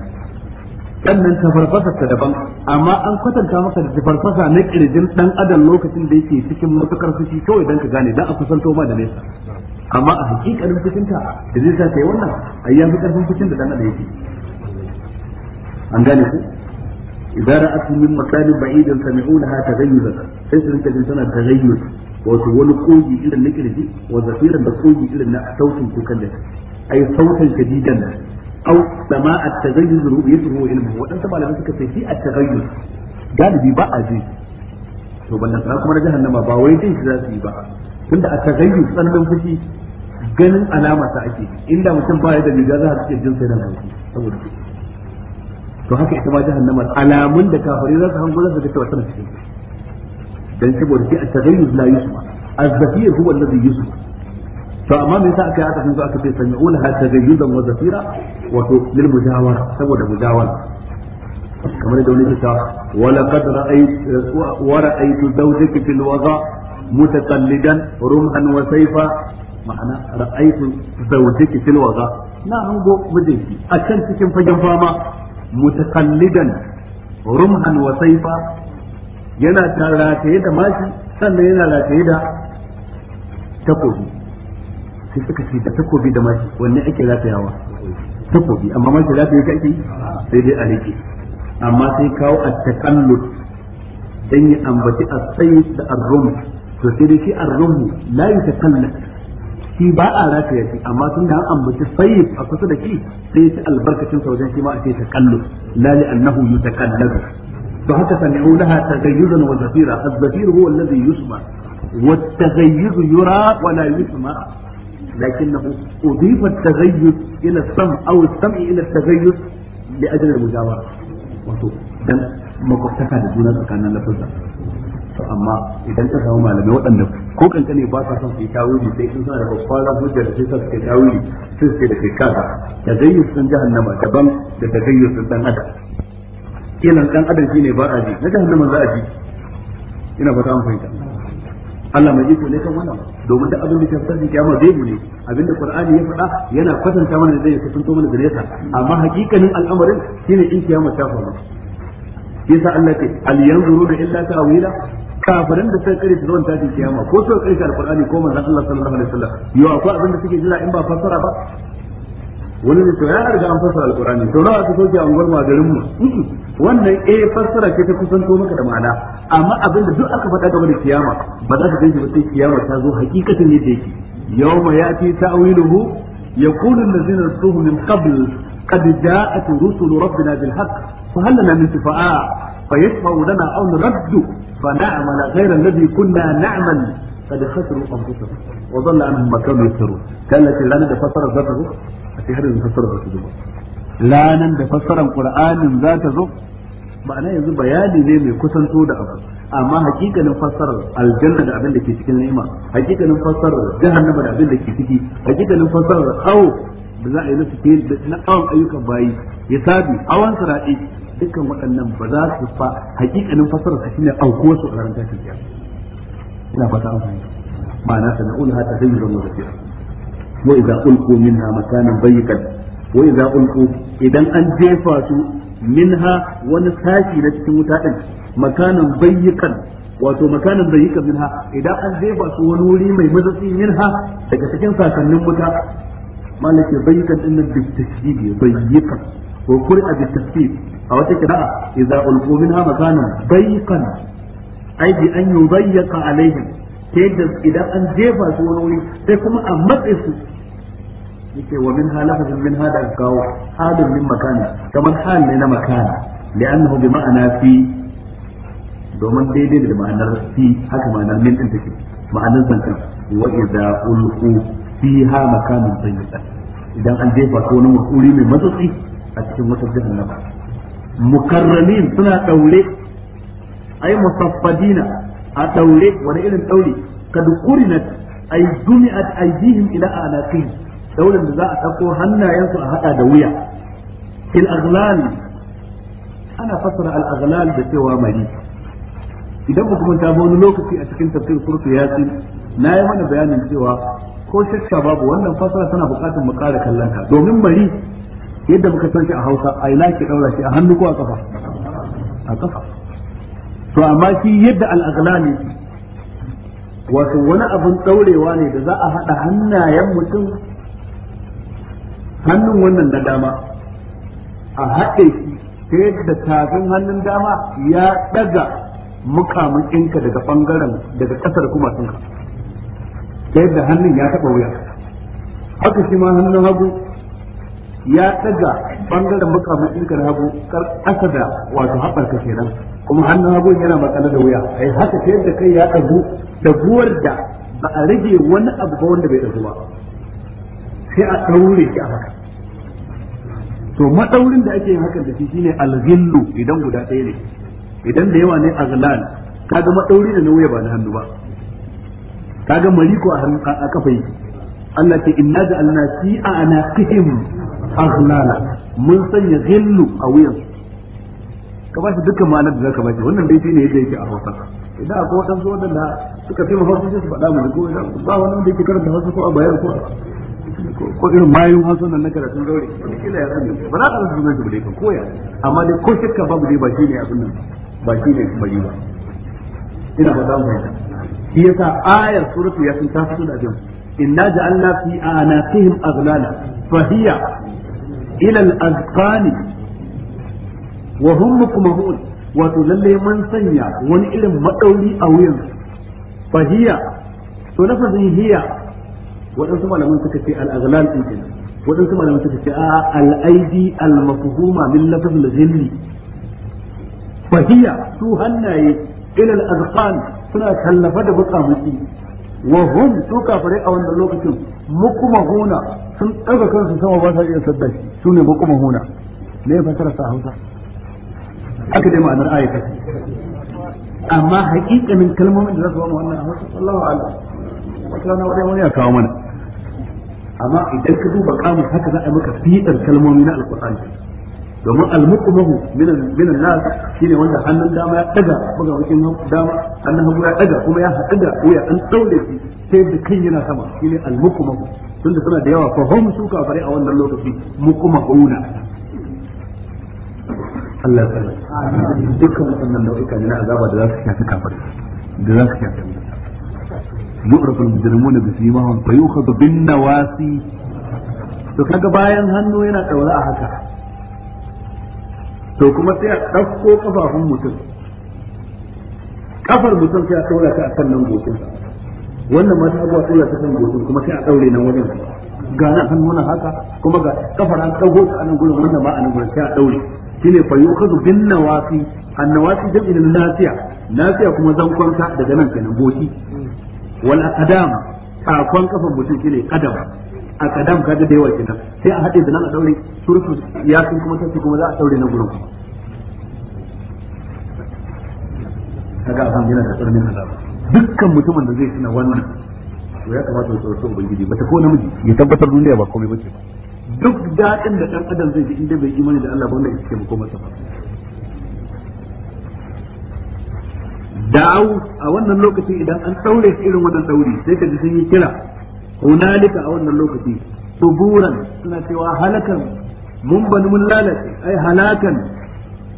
sannan tafarfasa ta daban amma an kwatanta maka da tafarfasa na kirjin dan adam lokacin da yake cikin matukar fushi kawai dan ka gane dan a kusanto ma da nesa amma a hakikalin fushin ta da zai sa kai wannan ai ya fi karfin fushin da dan adam yake an gane ku idan ra'atu min makanin ba'idin sami'unaha tagayyuzan sai su rinka jin tana tagayyuz wato wani kogi irin na kirji wa zafiran da kogi irin na sautin kukan da ai sautin kadidan أو سماء التغير ربيته وعلمه وأنت ما لم تكن في التغير قال بي بقى جي تو بل نتراكم رجاء أنما باوي جي سراسي بقى كنت التغير سنبا فشي جن ألامة تأتي إلا مثل باية المجازة هكي الجن سينا فشي سوال فشي تو هكي احتمال جاء أنما الألام لك فريضة هم قلت لك توسنا فشي دان سبو رجاء التغير لا يسمع الزفير هو الذي يسمع فأمام يسأك يا عدد من ذلك يسمعونها تغيرا وزفيرا wato lil mujawara saboda mujawara kamar da wani ta wala qad ra'aytu wa ra'aytu zawjaka fil wada mutaqallidan rumhan wa sayfa ma'ana ra'aytu zawjaka fil wada na hango mijinki a can cikin fagen fama mutaqallidan rumhan wa sayfa yana tarataye da mashi sannan yana rataye da takobi sai suka ce da takobi da mashi wanne ake ratayawa takobi amma ma shi za ta yi kake sai dai a rike amma sai kawo a takallud dan ya ambaci a tsayi da arrum to sai dai shi arrum la yi takallud shi ba a rataya shi amma tun da an ambaci sayyid a kusa da shi sai ya ci albarkacin sa wajen shi ma a ce takallud la li annahu yutakalladu to haka sami'u laha tagayyuzan wa zafira az-zafir huwa alladhi yusma wa والتغير يرى ولا yusma. لكنه أضيف التغيث إلى السمع أو السمع إلى التغيث لأجل المجاورة dan makwabtaka da juna tsakanin lafazza to amma idan ta samu malamai waɗanda ko kankane ba sa son su yi tawili sai suna da kwakwaran hujjar da sai sa suke tawili sai suke da kai kasa tagayyus jahannama daban da tagayyus sun dan adam kenan dan adam a ji na jahannama za a ji ina fata an Allah mai iko ne kan wannan domin duk abin da ke fasa kiyama zai ne abin da Qur'ani ya faɗa yana kwatanta mana da zai kusanto mana gare sa amma hakikanin al'amarin shine in kiyama ta faru yasa Allah ke al yanzuru da illa ta'wila kafiran da suka kare zuwan tashin kiyama ko suka kare qur'ani ko manzon Allah sallallahu alaihi wasallam yau akwai abin da suke jira in ba fassara ba wani zai to ya riga an fassara alqur'ani to nawa ka soke an gurma garin mu wannan eh fassara ce ta kusanto maka da ma'ana amma abin da duk aka faɗa game da kiyama ba za ka ganshi ba sai kiyama ta zo hakikatan yadda yake yawma yati ta'wiluhu yaqulu allazina rasuhu min qabl قد جاءت رسل ربنا بالحق فهل لنا من شفعاء فيشفع لنا او نرد فنعمل غير الذي كنا نعمل قد خسروا انفسهم wa dalla anhum ma kanu yasiru kan la tilana da fasara za ta zo a sai har yanzu fasara za ta zo lanan da fasaran qur'anin za zo ma'ana yanzu bayani ne mai kusanto da abu amma hakikanin fassarar aljanna da abin da ke cikin ni'ima hakikanin fassarar jahannama da abin da ke ciki hakikanin fassarar awo da za a yi na suke na awon ayyukan bayi ya sabi awon sara'i dukkan waɗannan ba za su fa hakikanin fassarar su shine aukuwar su a ranar tashin kiyama ina fata an ma'ana sana'ulha tahayyuran wa zakira wa idza ulqu minha makanan bayyikan wa idza idan an jefa su minha wani sashi na cikin wuta din makanan bayyikan wato minha idan an jefa su wani wuri mai matsatsi minha daga cikin sakannin wuta malaka bayyikan din nan bitashdidi bayyikan ko qur'a bitashdid a wata kira'a idza ulqu minha makanan bayyikan ai bi an yubayyaqa alaihim ta yadda idan an jefa su wani wuri sai kuma a matse su yake wa min halafin min hada kawo halin min makana kamar hal ne na makana li'annahu bi ma'ana fi domin daidai da ma'anar fi haka ma'anar min din take ma'anar zankan wa idza ulqu fiha makanun tayyib idan an jefa su wani wuri mai matsatsi a cikin wata jahannama mukarramin suna daure ay musaffadina a daure wani irin daure kad qurinat ay dumi'at aydihim ila anaqihim daurin da za a dauko hannayensu a haɗa da wuya fil aglali ana fassara al aglali da cewa mari idan ba kuma ta wani lokaci a cikin tafsir surtu yasin na yi mana bayanin cewa ko shakka babu wannan fassara tana buƙatar mu kallon ta domin mari yadda muka san shi a Hausa ai laki daura shi a hannu ko a ƙafa? a ƙafa. to amma shi yadda al'aghlal wato wani abin ɗaurewa ne da za a haɗa hannayen mutum hannun wannan na dama a haɗe shi ta yadda tafin hannun dama ya ɗaga mukamin ɗinka daga ɓangaren daga ƙasar kuma sun ta yadda hannun ya taɓa wuya haka shi ma hannun hagu ya ɗaga ɓangaren mukamin ɗinka da hagu ƙasa da wato haɓarka kenan kuma hannun abu yana makale da wuya A yi haka ta yadda kai ya ɗagu da buwar da ba a rage wani abu ba wanda bai ɗagu ba sai a ɗaure shi a haka to maɗaurin da ake yin hakan da shi shine alghillu idan guda ɗaya ne idan da yawa ne aghlan kaga maɗauri da na wuya ba na hannu ba kaga mariko a hannu a kafa yake Allah ce inna ja'alna fi anaqihim aghlala mun sanya ghillu a wuyansu ka bashi dukkan ma'anar da zaka bashi wannan dai ne yadda yake a Hausa idan akwai wadansu wadanda suka fi Hausa sai su faɗa mu ko idan ba wani wanda yake karanta Hausa ko a bayan ko ko irin mayun Hausa nan na karatun zaure kila ya sani ba za ka san sunan shi ba dai ka koya amma dai ko shakka babu dai ba ne abin nan ba ne bari ba ina ba mu shi yasa ayar suratu yasin ta fito da jin inna ja'alna fi anaqihim aghlala fa hiya ila al-azqani wa hum mukmahun wato lalle man sanya wani irin madauri a wuyan fahiya to lafazin hiya waɗansu malaman suka ce al-aghlal din kenan waɗansu malaman suka ce a al-aidi al-mafhuma min lafazin ghilli fahiya su hannaye ila al-azqan suna tallafa da buƙamuci wa hum su kafare a wannan lokacin mukmahuna sun ɗaga kansu sama ba sa iya saddaki shi su ne mukmahuna me Hausa aka dai ma'anar ayata amma hakikanin kalmomin da za su ba mu wannan a wasu sallahu ala wata rana wadai wani ya kawo mana amma idan ka duba kamus haka za a yi maka fitar kalmomi na alkur'ani domin almuqmahu min min an-nas shine wanda hannun dama ya daga buga wakin dama hannun hagu ya daga kuma ya haɗu da wuya an daure shi sai da kai yana sama shine almuqmahu tunda suna da yawa fa hum suka fare a wannan lokaci muqmahuna Allah ya tsare dukkan waɗannan nau'ika ne na azaba da za su shafi kafir da za su shafi yu'rafu al-mujrimuna bi simahum fa yukhadhu bin nawasi to kaga bayan hannu yana daura a haka to kuma sai a dauko kafafun mutum kafar mutum sai a daura ta akan nan gokin wannan ma ta abuwa daura ta kan gokin kuma sai a daure nan wajen ga nan hannu haka kuma ga kafar an dago ta nan gurin wannan ma a nan gurin sai a daure shine fa yukhadhu bin nawasi annawasi jam'in nasiya nasiya kuma zankonka daga nan kenan goshi wal aqdam akon kafan mutum shine qadam aqdam kaga da yawa kenan sai a hade da nan a daure surutu ya kun kuma sai kuma za a daure na gurin kaga san gina da tsarnin azaba dukkan mutumin da zai tuna wannan to ya kamata ya tsoro ubangiji ba ta ko namiji ya tabbatar duniya ba komai bace ba duk daɗin da ɗan adam zai ji inda bai imani da Allah ba wanda yake mako masa da'awu a wannan lokacin idan an daure irin wannan dauri sai ka ji sun yi kira hunalika a wannan lokaci suburan suna cewa halakan mun bani mun lalace ai halakan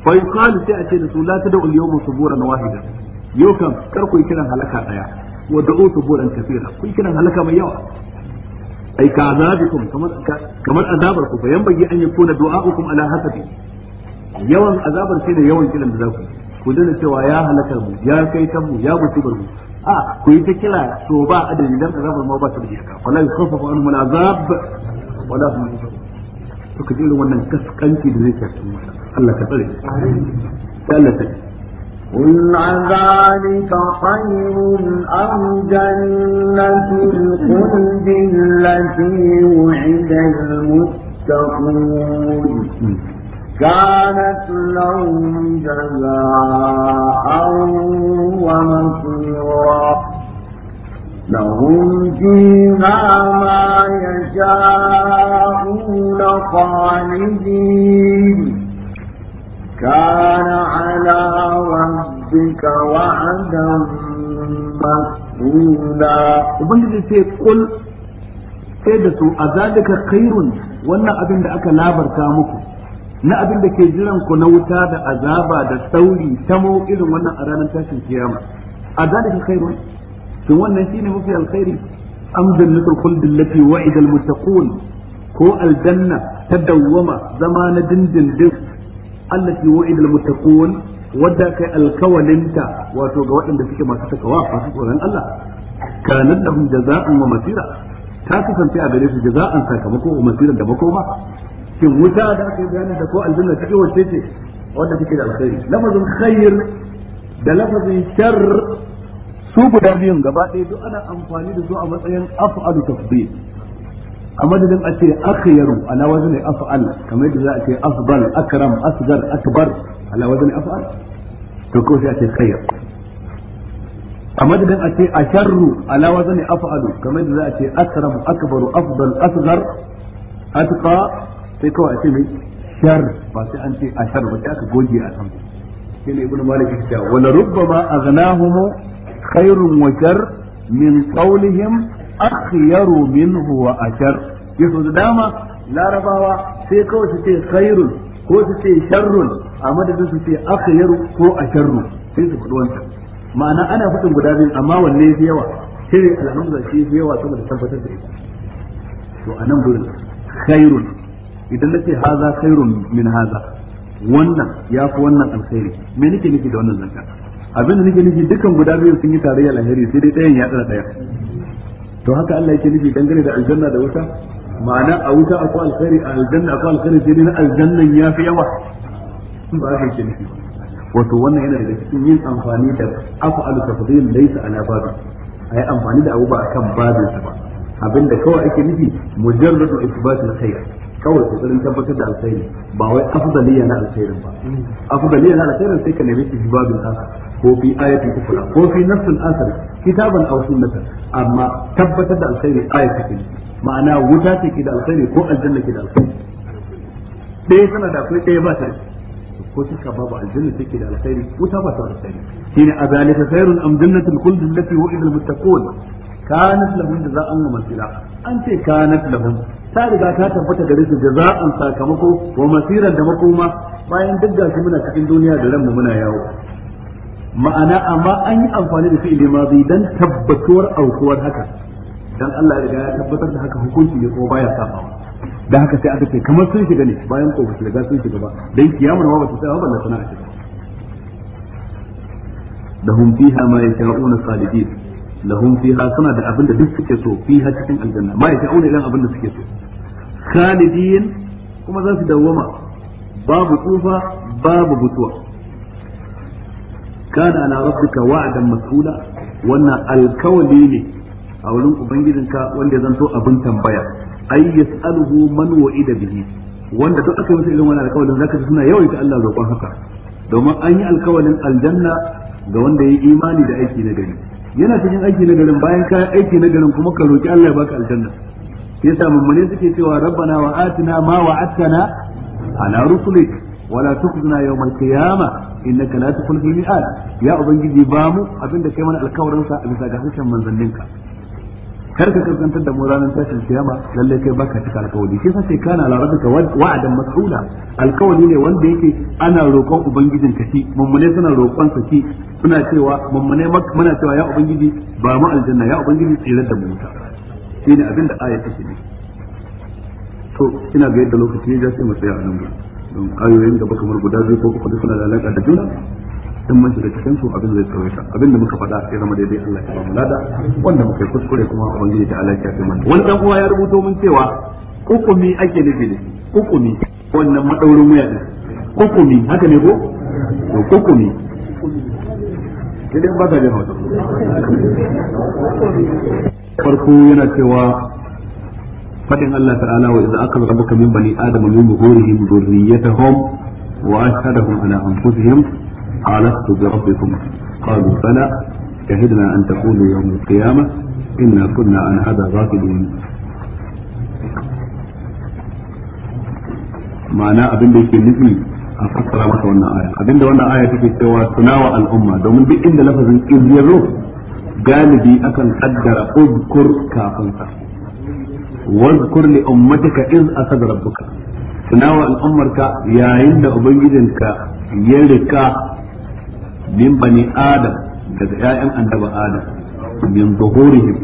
fa yuqalu sai a ce da su la tad'u al-yawma suburan wahida yau kan kar ku kiran halaka daya wa da'u suburan kaseera ku kiran halaka mai yawa ai ka azabikum kamar kamar azabar ku bayan bagi an du'a du'a'ukum ala hasabi yawan azabar shi da yawan kiran da za ku ku dana cewa ya halakar mu ya kai kan mu ya musibar mu a ku yi ta kira so ba adadi dan azabar ma ba ta da iyaka wala yukhaffafu anhum al'azab wala hum to ka ji wannan kaskanci da zai tafi Allah ka tsare Allah ta قل ذلك خير أم جنة الخلد التي وعد المتقون كانت لهم جزاء ومصيرا لهم فيها ما يشاءون خالدين كان على ربك وعدا مسؤولا ubangiji sai kul sai da su a zalika khairun wannan abin da aka labarta muku na abin da ke jiran ku na wuta da azaba da sauri ta mu wannan a ranar tashin kiyama a zalika khairun shin wannan shine mafi alkhairi am jannatul khuld ko aljanna ta dawwama zama na dindindin allati wa'idal muttaqun wadda kai alkawalinta wato ga waɗanda suke masu takawa masu tsoron Allah kanan lahum jaza'an wa masira ta kasance a gare su jaza'an sakamako wa masira da makoma Kin wuta da aka yi bayanin da ko aljanna take wacce ce wanda take da alkhairi lafazin khair da lafazin shar su guda biyun gaba ɗaya duk ana amfani da su a matsayin af'alu tafdil a madadin a ce akhyaru ala wazni af'al kamar yadda za a ce afdal akram asgar akbar ala wazni af'al to ko sai a ce khayr a madadin a ce asharru ala wazni af'alu kamar yadda za a ce akram akbaru afdal asgar atqa sai kawai a ce mai shar ba sai an ce ashar ba sai aka goge a ibnu malik ya rubbama aghnahum wa shar min qawlihim ya so dama larabawa sai kawai su ce khairun ko su ce sharrun a madadin su ce akhyaru ko asharru sai su faɗi wancan ma'ana ana faɗin guda biyu amma wanne fi yawa sai alhamza shi fi yawa saboda tabbatar da ita to anan gurin khairun idan na ce haza khairun min haza wannan ya fi wannan alkhairi me nake nufi da wannan zanka abin da nake nufi dukan guda biyu sun yi tarayya alheri sai dai ɗayan ya tsara ɗaya to haka Allah yake nufi dangane da aljanna da wuta ma'ana a wuta akwai alkhairi a aljanna akwai alkhairi sai na aljannan ya fi yawa ba a ke nufi wato wannan yana daga cikin yin amfani da al tafdil laysa ala babu ayi amfani da abu ba akan babin sa ba abinda kawai ake nufi mujarradu isbatul khair kawai kokarin tabbatar da alkhairi ba wai afdaliya na alkhairin ba afdaliya na alkhairin sai ka nemi babin haka ko fi ayatin ukula ko fi nafsin asar kitaban aw sunnatan amma tabbatar da alkhairi ayatin ma'ana wuta ce ke da alkhairi ko aljanna ke da alkhairi ɗaya tana da akwai ɗaya ba ta da ko shakka babu aljanna take da alkhairi wuta ba ta da alkhairi shine azalika khairun am jannatul khuld allati wa'ida almuttaqun kanat lahum jaza'an wa masira an ce kanat lahum ta riga ta tabbata gare su jaza'an sakamako wa masiran da makoma bayan duk gashi muna cikin duniya da ranmu muna yawo ma'ana amma an yi amfani da fi'ili mazi dan tabbatuwar aukuwar haka dan Allah ya riga ya tabbatar da haka hukunci ne ko baya safawa da haka sai aka ce kamar sun shiga ne bayan ko ba su riga sun shiga ba dan kiyamar ma ba ta tsaya ba na sana'a shiga lahum fiha ma yasha'una salidin lahum fiha suna da abin da duk suke so fiha cikin aljanna ma yasha'una ilan abin da suke so khalidin kuma za su dawwama babu tsufa babu mutuwa kana ala rabbika wa'dan mas'ula wannan alkawli ne a wurin ubangijinka wanda zan so abin tambaya ay yas'aluhu man wa'ida bihi wanda duk aka yi masa irin wannan alƙawarin zaka ji suna yawaita Allah roƙon haka domin an yi alƙawarin aljanna ga wanda ya yi imani da aiki na gari yana cikin aiki na garin bayan ka aiki na garin kuma ka roki Allah ya baka aljanna yasa mummune suke cewa rabbana wa atina ma wa'adtana ala rusulik wala tukhzina yawmal qiyamah innaka la tukhlifu al ya ubangiji ba mu abinda kai mana alkawarin sa a bisa ga harshen manzanninka kar ka kaskantar da mu ranar tashin kiyama lalle kai baka cika alkawari shi sai kana la rabbika wa'adan mas'ula alkawari ne wanda yake ana roƙon ubangijin ka shi mummune suna roƙon sa shi suna cewa mummune muna cewa ya ubangiji ba mu aljanna ya ubangiji tsira da mu ta ne abin da aya take ne to ina ga yadda lokaci ya ce mu tsaya a nan don ayoyin da baka kamar guda biyu ko uku suna da alaka da juna in mun shiga cikin su abin zai tsawaita abin da muka faɗa sai zama daidai Allah ya ba mu lada wanda muka yi kuskure kuma ubangiji da Allah ya fi mana wani dan uwa ya rubuto mun cewa kukumi ake nufi da hukumi wannan madaurin wuya ne kukumi. haka ne ko to kukumi. idan ba ta jin hausa farko yana cewa فإن الله تعالى وإذا أخذ ربك من بني آدم من ظهورهم ذريتهم وأشهدهم على أنفسهم علقت بربكم قالوا فلا شهدنا أن تقولوا يوم القيامة إنا كنا عن هذا غافلين معنى أبن بيك نزمي أفكر مكة وانا آية أبن دي وانا آية تكي سوى سناوى الأمة دوم بي إن لفظ إذ يرو بي أكن قدر أذكر كافنك واذكر لأمتك إذ أخذ ربك تناوى الامه كا يا عند أبن جدن كا يلي min bani adam daga 'ya'yan annaba adam min zuhurihim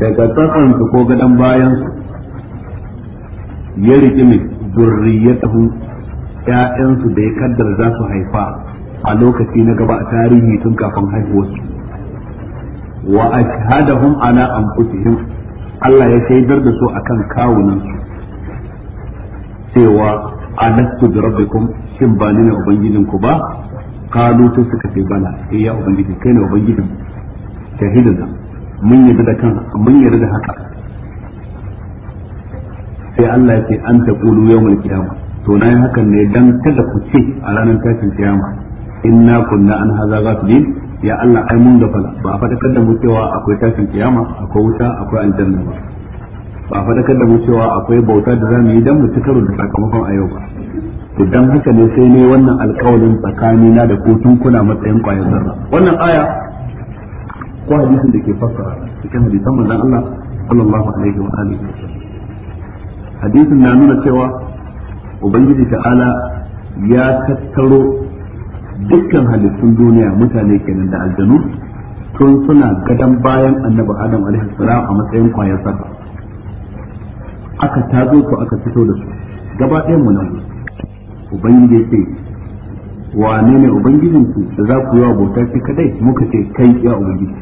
daga tsakan su ko gadan bayan su ya rike mai zurriyatahu ƴaƴan su da ya kaddar za su haifa a lokaci na gaba a tarihi tun kafin haihuwarsu wa ashhadahum ala anfusihim Allah ya shaidar da su akan kawunan su cewa alastu bi rabbikum shin ba ni ne ubangijinku ba kalu sai suka ce bala eh ya ubangiji kai ne ubangijin shahidina mun yarda da kan mun yarda da haka sai Allah ya ce an ta kulu yawmul qiyama to nan hakan ne dan kada ku ce a ranar tashin kiyama inna kunna an haza ghafilin ya Allah ai mun gafala ba a fada kada mu cewa akwai tashin kiyama akwai wuta akwai aljanna ba ba a fada kada mu cewa akwai bauta da zamu yi dan mu ci da sakamakon a yau ba to dan haka ne sai ne wannan alƙawarin tsakani na da kotun kuna matsayin kwayar zarra wannan aya ko hadisin da ke fassara cikin hadisan manzon Allah sallallahu alaihi wa alihi hadisin na nuna cewa ubangiji ta'ala ya tattaro dukkan halittun duniya mutane kenan da aljanu tun suna gadan bayan annabi adam alaihi salam a matsayin kwayar zarra aka tazo ko aka fito da su gaba ɗayan mu nan ubangiji ya ce wane ne ubangijinku da za ku yi wa bauta shi kadai muka ce kai ya ubangiji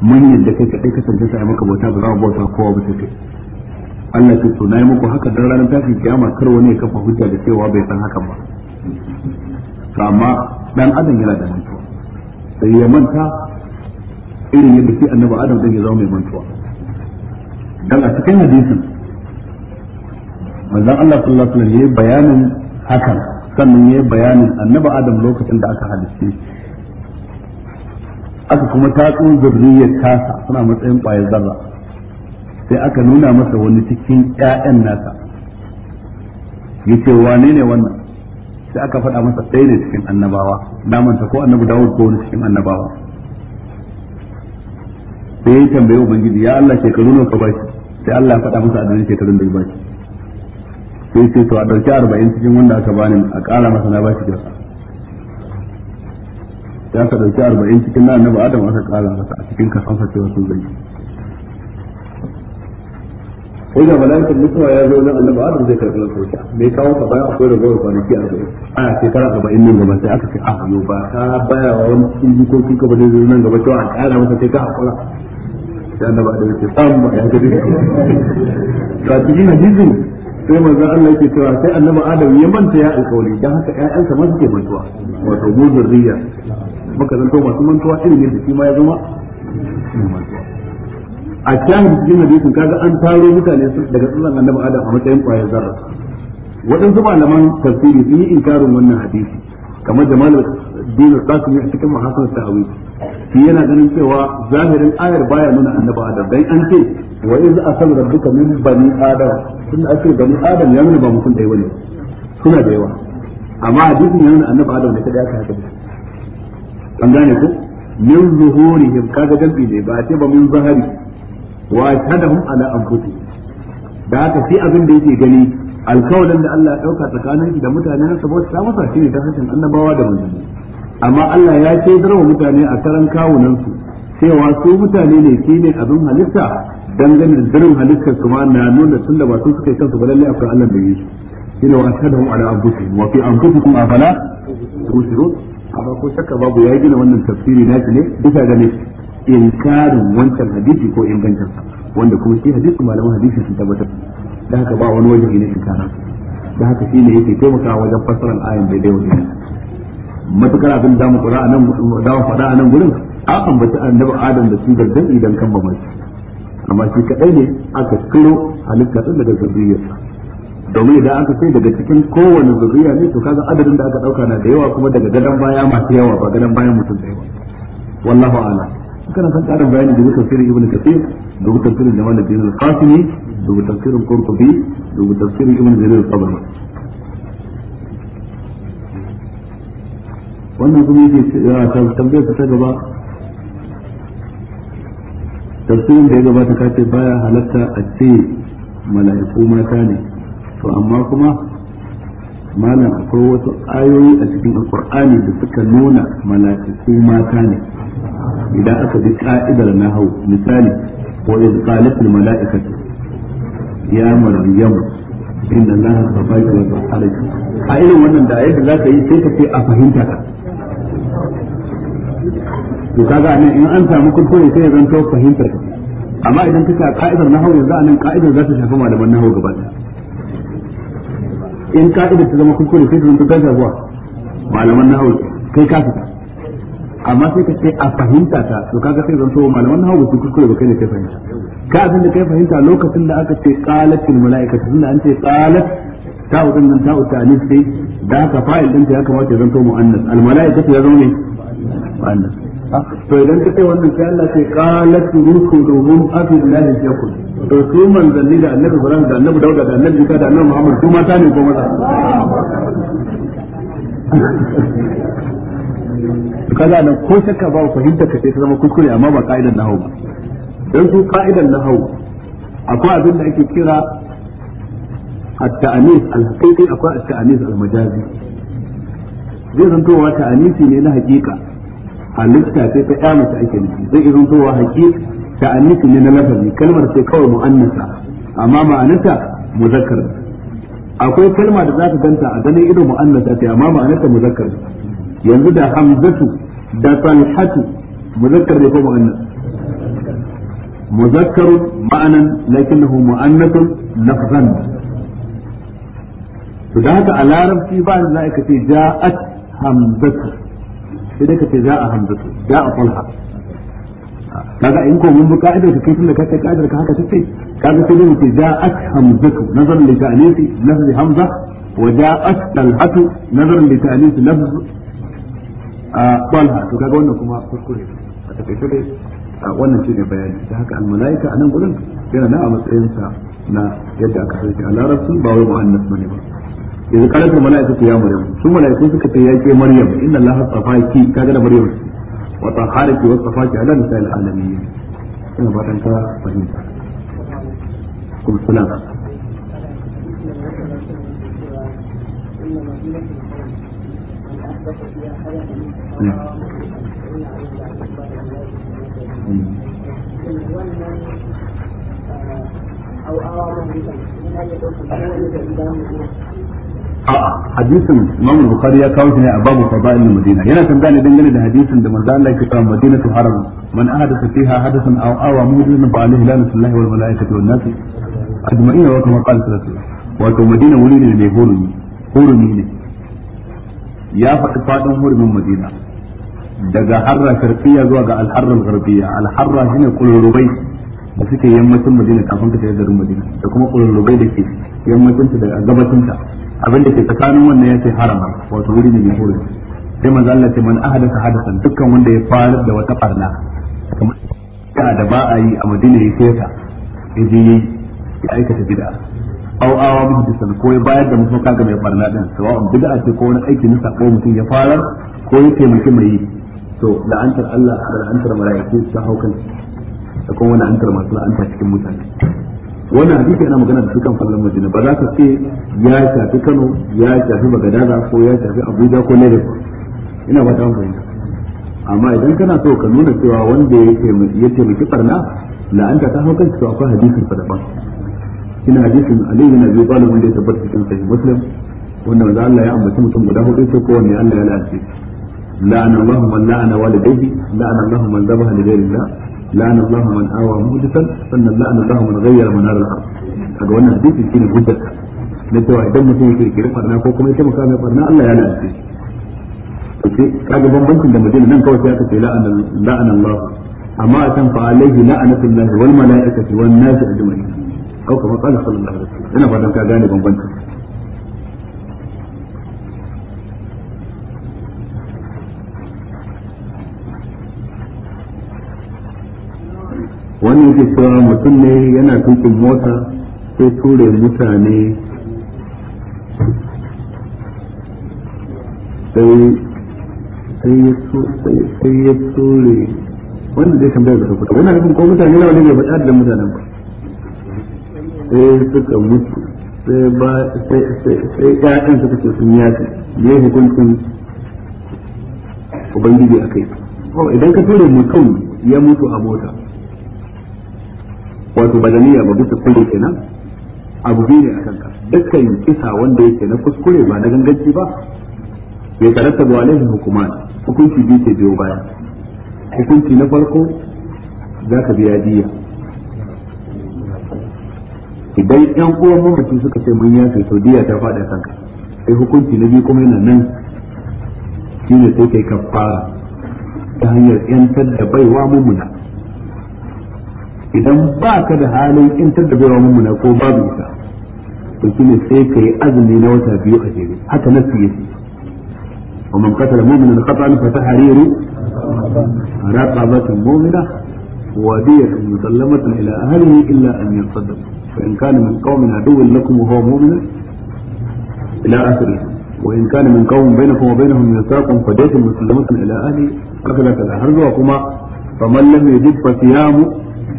mun yadda kai kadai kasance sai maka bauta ba za mu bauta kowa ba sai kai Allah ya ce na yi muku haka dan ranar tafi kiyama kar wani ya kafa hujja da cewa bai san hakan ba to amma dan adam yana da mantuwa sai ya manta irin yadda shi annabi adam zai ya zama mai mantuwa dan a cikin hadisin manzon Allah sallallahu alaihi wasallam bayanin hakan sannan yayi bayanin annabi Adam lokacin da aka halitta aka kuma tatsun zurriyar tasa suna matsayin ƙwayar zarra sai aka nuna masa wani cikin ƴaƴan nasa yace wane ne wannan sai aka faɗa masa ɗaya ne cikin annabawa namanta ko annabi Dawud ko wani cikin annabawa sai ya tambaye ubangiji ya Allah shekaru nawa ka bashi sai Allah ya faɗa masa adadin shekarun da ya bashi sai ce to a ɗauki arba'in cikin wanda aka bani a ƙara masa na bashi kyauta ya ka ɗauki arba'in cikin na annabi adam aka ƙara masa a cikin kasansa cewa sun zai ko da malaikar mutuwa ya zo nan annabi adam zai karɓi na kyauta bai kawo ka bayan akwai ragowar kwanaki a zai a shekara arba'in nan gaba sai aka ce a ah, yau ba ka baya wa wani cikin jikokin ka ba zai zo nan gaba cewa a ƙara masa sai ka haƙura sai annabi adam ya ce samu ba ya ga dai ka cikin hadisin sai maza Allah yake cewa sai annabi Adam ya manta ya alƙawari, dan haka ƴaƴansa ma suke mantuwa wato mu zurriya muka zanto masu mantuwa irin yadda shi ma ya zama a shahid cikin hadisin kaga an taro mutane daga tsallan annabi Adam a matsayin ƙwayar zarra waɗansu malaman tafsiri sun yi inkarin wannan hadisi kamar jamal bin qasim a cikin mahasan ta'awi shi yana ganin cewa zahirin ayar baya nuna annaba adam dan an ce wa iz asal rabbuka min bani adam tun ake bani adam ya nuna ba mutum dai wani suna da yawa amma hadisin ya nuna annabi adam ne kada aka haka an gane ko min zuhurihim kaga jambi ne ba ce ba min zahari wa ashadahum ala anfusihim da haka shi abin da yake gani alkawalin da Allah ya dauka tsakanin shi da mutanen sa bauta masa ne ta hakan annabawa da manzanni amma Allah ya ce wa mutane a karan kawunan su cewa su mutane ne shi ne abin halitta dangane da dirin halittar su ma na nuna tunda ba su suka yi kansu ba lalle akwai Allah bai yi su shine wa ashhadu ala anfusihim wa fi anfusikum afala tusirun amma ko shakka babu ya gina wannan tafsiri na shi ne bisa ga ne inkarin wancan hadisi ko ingancin sa wanda kuma shi hadisi malaman hadisi sun tabbatar da haka ba wani wajen ne inkara da haka shi shine yake taimakawa wajen fasaran ayan daidai wajen matukar abin da mu kula nan da mu fada nan gurin an ambaci annabi adam da shi da idan kan ba mai amma shi kadai ne aka kiro halitta din daga zuriya domin idan aka kai daga cikin kowane zuriya ne to kaga adadin da aka dauka na da yawa kuma daga gadan baya masu yawa ba gadan bayan mutum da yawa wallahu a'lam kana san karin bayani da tafsirin ibnu kathir da tafsirin jama'a da bin qasimi da tafsirin qurtubi da tafsirin ibnu jarir al-tabari wannan kuma yake tambayar ta gaba tafsirin da ya gabata ka ce baya halatta a ce mala'iku mata ne to amma kuma malam akwai wasu ayoyi a cikin alkur'ani da suka nuna mala'iku mata ne idan aka bi ka'idar na hau misali wa iz qalatul mala'ikatu ya maryam inna allaha tafaka wa taharaka a irin wannan da za ka yi sai ka ce a fahimta ka to kaga anan in an samu kuskure sai ya zanto fahimtar ka amma idan ka sa ka'idar nahawu yanzu anan ka'idar za ta shafi malaman nahawu gaba ɗaya in ka'idar ta zama kuskure sai ta zanto ta zuwa malaman nahawu kai ka fita amma sai ka ce a fahimta ta to kaga sai zanto malaman nahawu su kuskure ba kai ne kai fahimta ka san da kai fahimta lokacin da aka ce qalatil mala'ikatu tunda an ce qalat ta din nan ta'u ta'lif sai da haka fa'il din ta ya kamata ya zanto mu'annas al mala'ikatu ya ne. wa'annan ah, to idan ta ce wannan sai Allah ce qalat rusuluhum abillahi yakun to su manzanni da annabi Ibrahim da annabi Dawud da annabi Isa da annabi Muhammad su mata ne ko maza kaza nan ko shakka ba fahimta ka sai ta zama kuskure amma ba ka'idar nahawu ba dan su ka'idar nahawu akwai abin da ake kira al التأنيث الحقيقي أقوى Al-Majazi. zai zantowa ta'anisi ne na hakika halitta sai ta kyamata ake nufi zai irin zuwa haƙi ta annisu ne na lafazi kalmar sai kawai mu'annasa amma ma'anarta muzakkar akwai kalma da za ta ganta a ganin ido mu'annasa ta amma ma'anarta muzakkar yanzu da hamzatu da talhatu muzakkar ne ko mu'annas muzakkar ma'anan lakinnahu mu'annasun lafzan to da haka a larabci ba za ka ce ja'at hamzatu sai dai ka ce za a hamzatu za a falha kaga in ko mun bi ka'idar ka kai tunda ka kai ka'idar ka haka sai kaga sai dai mu ce za a hamzatu nazarin da ta'anisi lafzi hamza wa za a talhatu nazarin da ta'anisi lafzi falha to kaga wannan kuma kuskure a takaice dai wannan shine bayani da haka almalaika a nan gurin yana na a matsayinsa na yadda aka sauke a larabci ba wai mu'annas bane ba yanzu kalatul mala'ikatu ya maryam sun mala'iku suka ce ya ke maryam inna allaha tsafaki kaga da maryam wa taharaki wa tsafaki ala nisa'il alamin ina fatan ta fahimta kuma suna أو أوامر من أن يدخل a'a hadisin Imam Bukhari ya kawo shi ne a babu fadail Madina yana tambaya ne dangane da hadisin da manzo Allah ya kawo Madina tu haram man ahadatha fiha hadathan aw awa muhdithan fa alayhi lanatullahi wal malaikati wan nas ajma'in wa kama qala sallallahu alaihi wato Madina wuri ne mai hurumi hurumi ne ya faɗi fadin hurumin Madina daga harra sharqiyya zuwa ga al-harra al-gharbiyya al-harra shine kulurubai da suke yammacin madina kafin ta shiga garin madina da kuma ƙululubai da ke yammacin ta da gabacin ta abin da ke tsakanin wannan ya ce harama wato wuri ne mai hurri sai manzo Allah ce man ahdatha hadathan dukkan wanda ya fara da wata barna kamar da ba a yi a madina ya ta yaje yayi ya aikata bid'a aw awa bi ko ya bayar da mafaka ga mai barna din sawa bid'a ce ko wani aiki na sako mutum ya fara ko ya taimaki mai yi to la'antar Allah da la'antar mala'iku ta haukan da kuma wani antar masu la'anta cikin mutane wannan hadisi yana magana da dukkan fallon madina ba za ka ce ya shafi kano ya shafi Bagadaza ko ya shafi abuja ko lagos ina ba ta fahimta amma idan kana so ka nuna cewa wanda ya taimaki barna la'anta ta hau kan cewa akwai hadisin fa daban ina hadisin aliyu na biyu talib wanda ya tabbata cikin sahih muslim wanda maza Allah ya ambaci mutum guda hudu sai kowanne Allah ya la'anci la'ana Allahu man la'ana walidayhi la'ana Allahu man dhabaha li ghayri Allah la'ana Allah man awa muhdisan sannan la'ana Allah man ghayyara manar al-ard kaga wannan hadisi shine hujjar na cewa idan mutum ya kirkiri barna ko kuma ya taimaka mai barna Allah ya lalace kace kaga bambancin da madina nan kawai sai aka ce la'ana la'ana Allah amma a kan fa alaihi la'anatullahi wal mala'ikati wan nasi ajma'in ko kuma qala ina ka gane bambancin wani yake cewa mutum ne yana tukin mota sai ture mutane sai ya ture wanda zai tambaya da rubuta wani nufin ko mutane na ne bai faɗa da mutanen ba sai suka mutu sai ba sai ƴaƴan suka ce sun yaƙi ne hukuncin ubangiji a kai idan ka ture mutum ya mutu a mota wato niyya ba bisa sirri kenan abu biyu ne a kanka dukkan kisa wanda yake na kuskure ba na ganganci ba ya tarattabu alaihi hukuma hukunci biyu ke biyo baya hukunci na farko za ka biya diya idan yan uwan mamaci suka ce mun yafe to diya ta faɗa kanka sai hukunci na biyu kuma yana nan shine sai kai kafara ta hanyar yantar da baiwa mummuna idan ba ka da halin intar da baiwa mummuna ko babu ita to shine sai ka yi azumi na wata biyu a jere haka nasu yake wa man qatala mu'minan qatan fa tahriru raqabatin mu'mina wa diyatun musallamatan ila ahlihi illa an yasaddaq fa in kana min qaumin aduwwan lakum wa huwa mu'min ila akhirih wa in kana min qaumin bainakum wa bainahum mithaqun fa diyatun musallamatan ila ahlihi kafa la har zuwa kuma faman lam yajid fa siyamu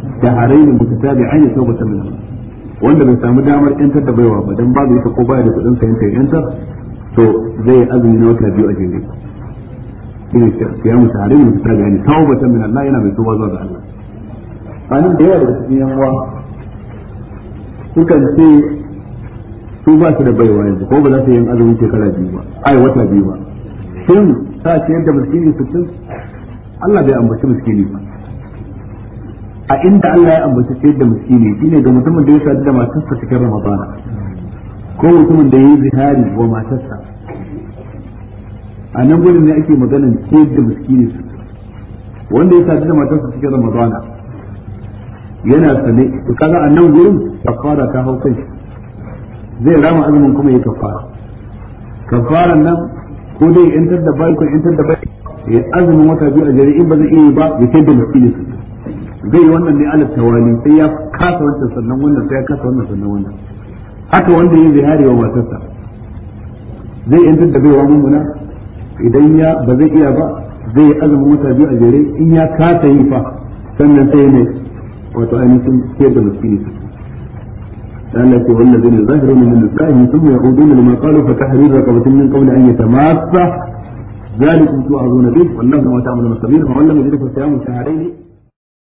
sau ba tawbatan min wanda bai samu damar yantar da baiwa ba dan babu ita ko baya da kudin sayan ta yantar to zai azumi na wata biyu a jere shine siyamu shaharain mutatabi'ain tawbatan min Allah yana mai tuba zuwa ga Allah anan da yawa da cikin yan sukan ce su ba su da baiwa yanzu ko ba za su yi azumin shekara biyu ba ai wata biyu ba Sun sa ce yadda miskini sun, Allah bai ambaci miskini ba a inda Allah ya ambaci ciyar da miskini shine ga mutumin da ya sadu da matarsa cikin Ramadana ko mutumin da ya yi zihari wa matarsa a nan gudun ne ake maganin ciyar da miskini wanda ya sadu da matarsa cikin Ramadana yana sane to kaga a nan gurin kafara ta hau kai zai rama azumin kuma ya kafara kafaran nan ko dai yantar da bai ko yantar da bai azumin wata biyu a jari'in ba zai iya ba ya ciyar da miskini su zai yi wannan ne ala tawali sai ya kasa wancan sannan wannan sai ya kasa wannan sannan wannan haka wanda yin zihari wa matarsa zai yantar da baiwa mummuna idan ya ba zai iya ba zai yi azumin wata biyu a jere in ya kasa yi fa sannan sai ne wato ainihin ke da miskini قال لك والذين ظاهرون من نسائهم ثم يعودون لما قالوا فتحرير رقبة من قبل أن يتماسى ذلكم توعظون به والله ما تعملون السبيل ومن لم الصيام الشهرين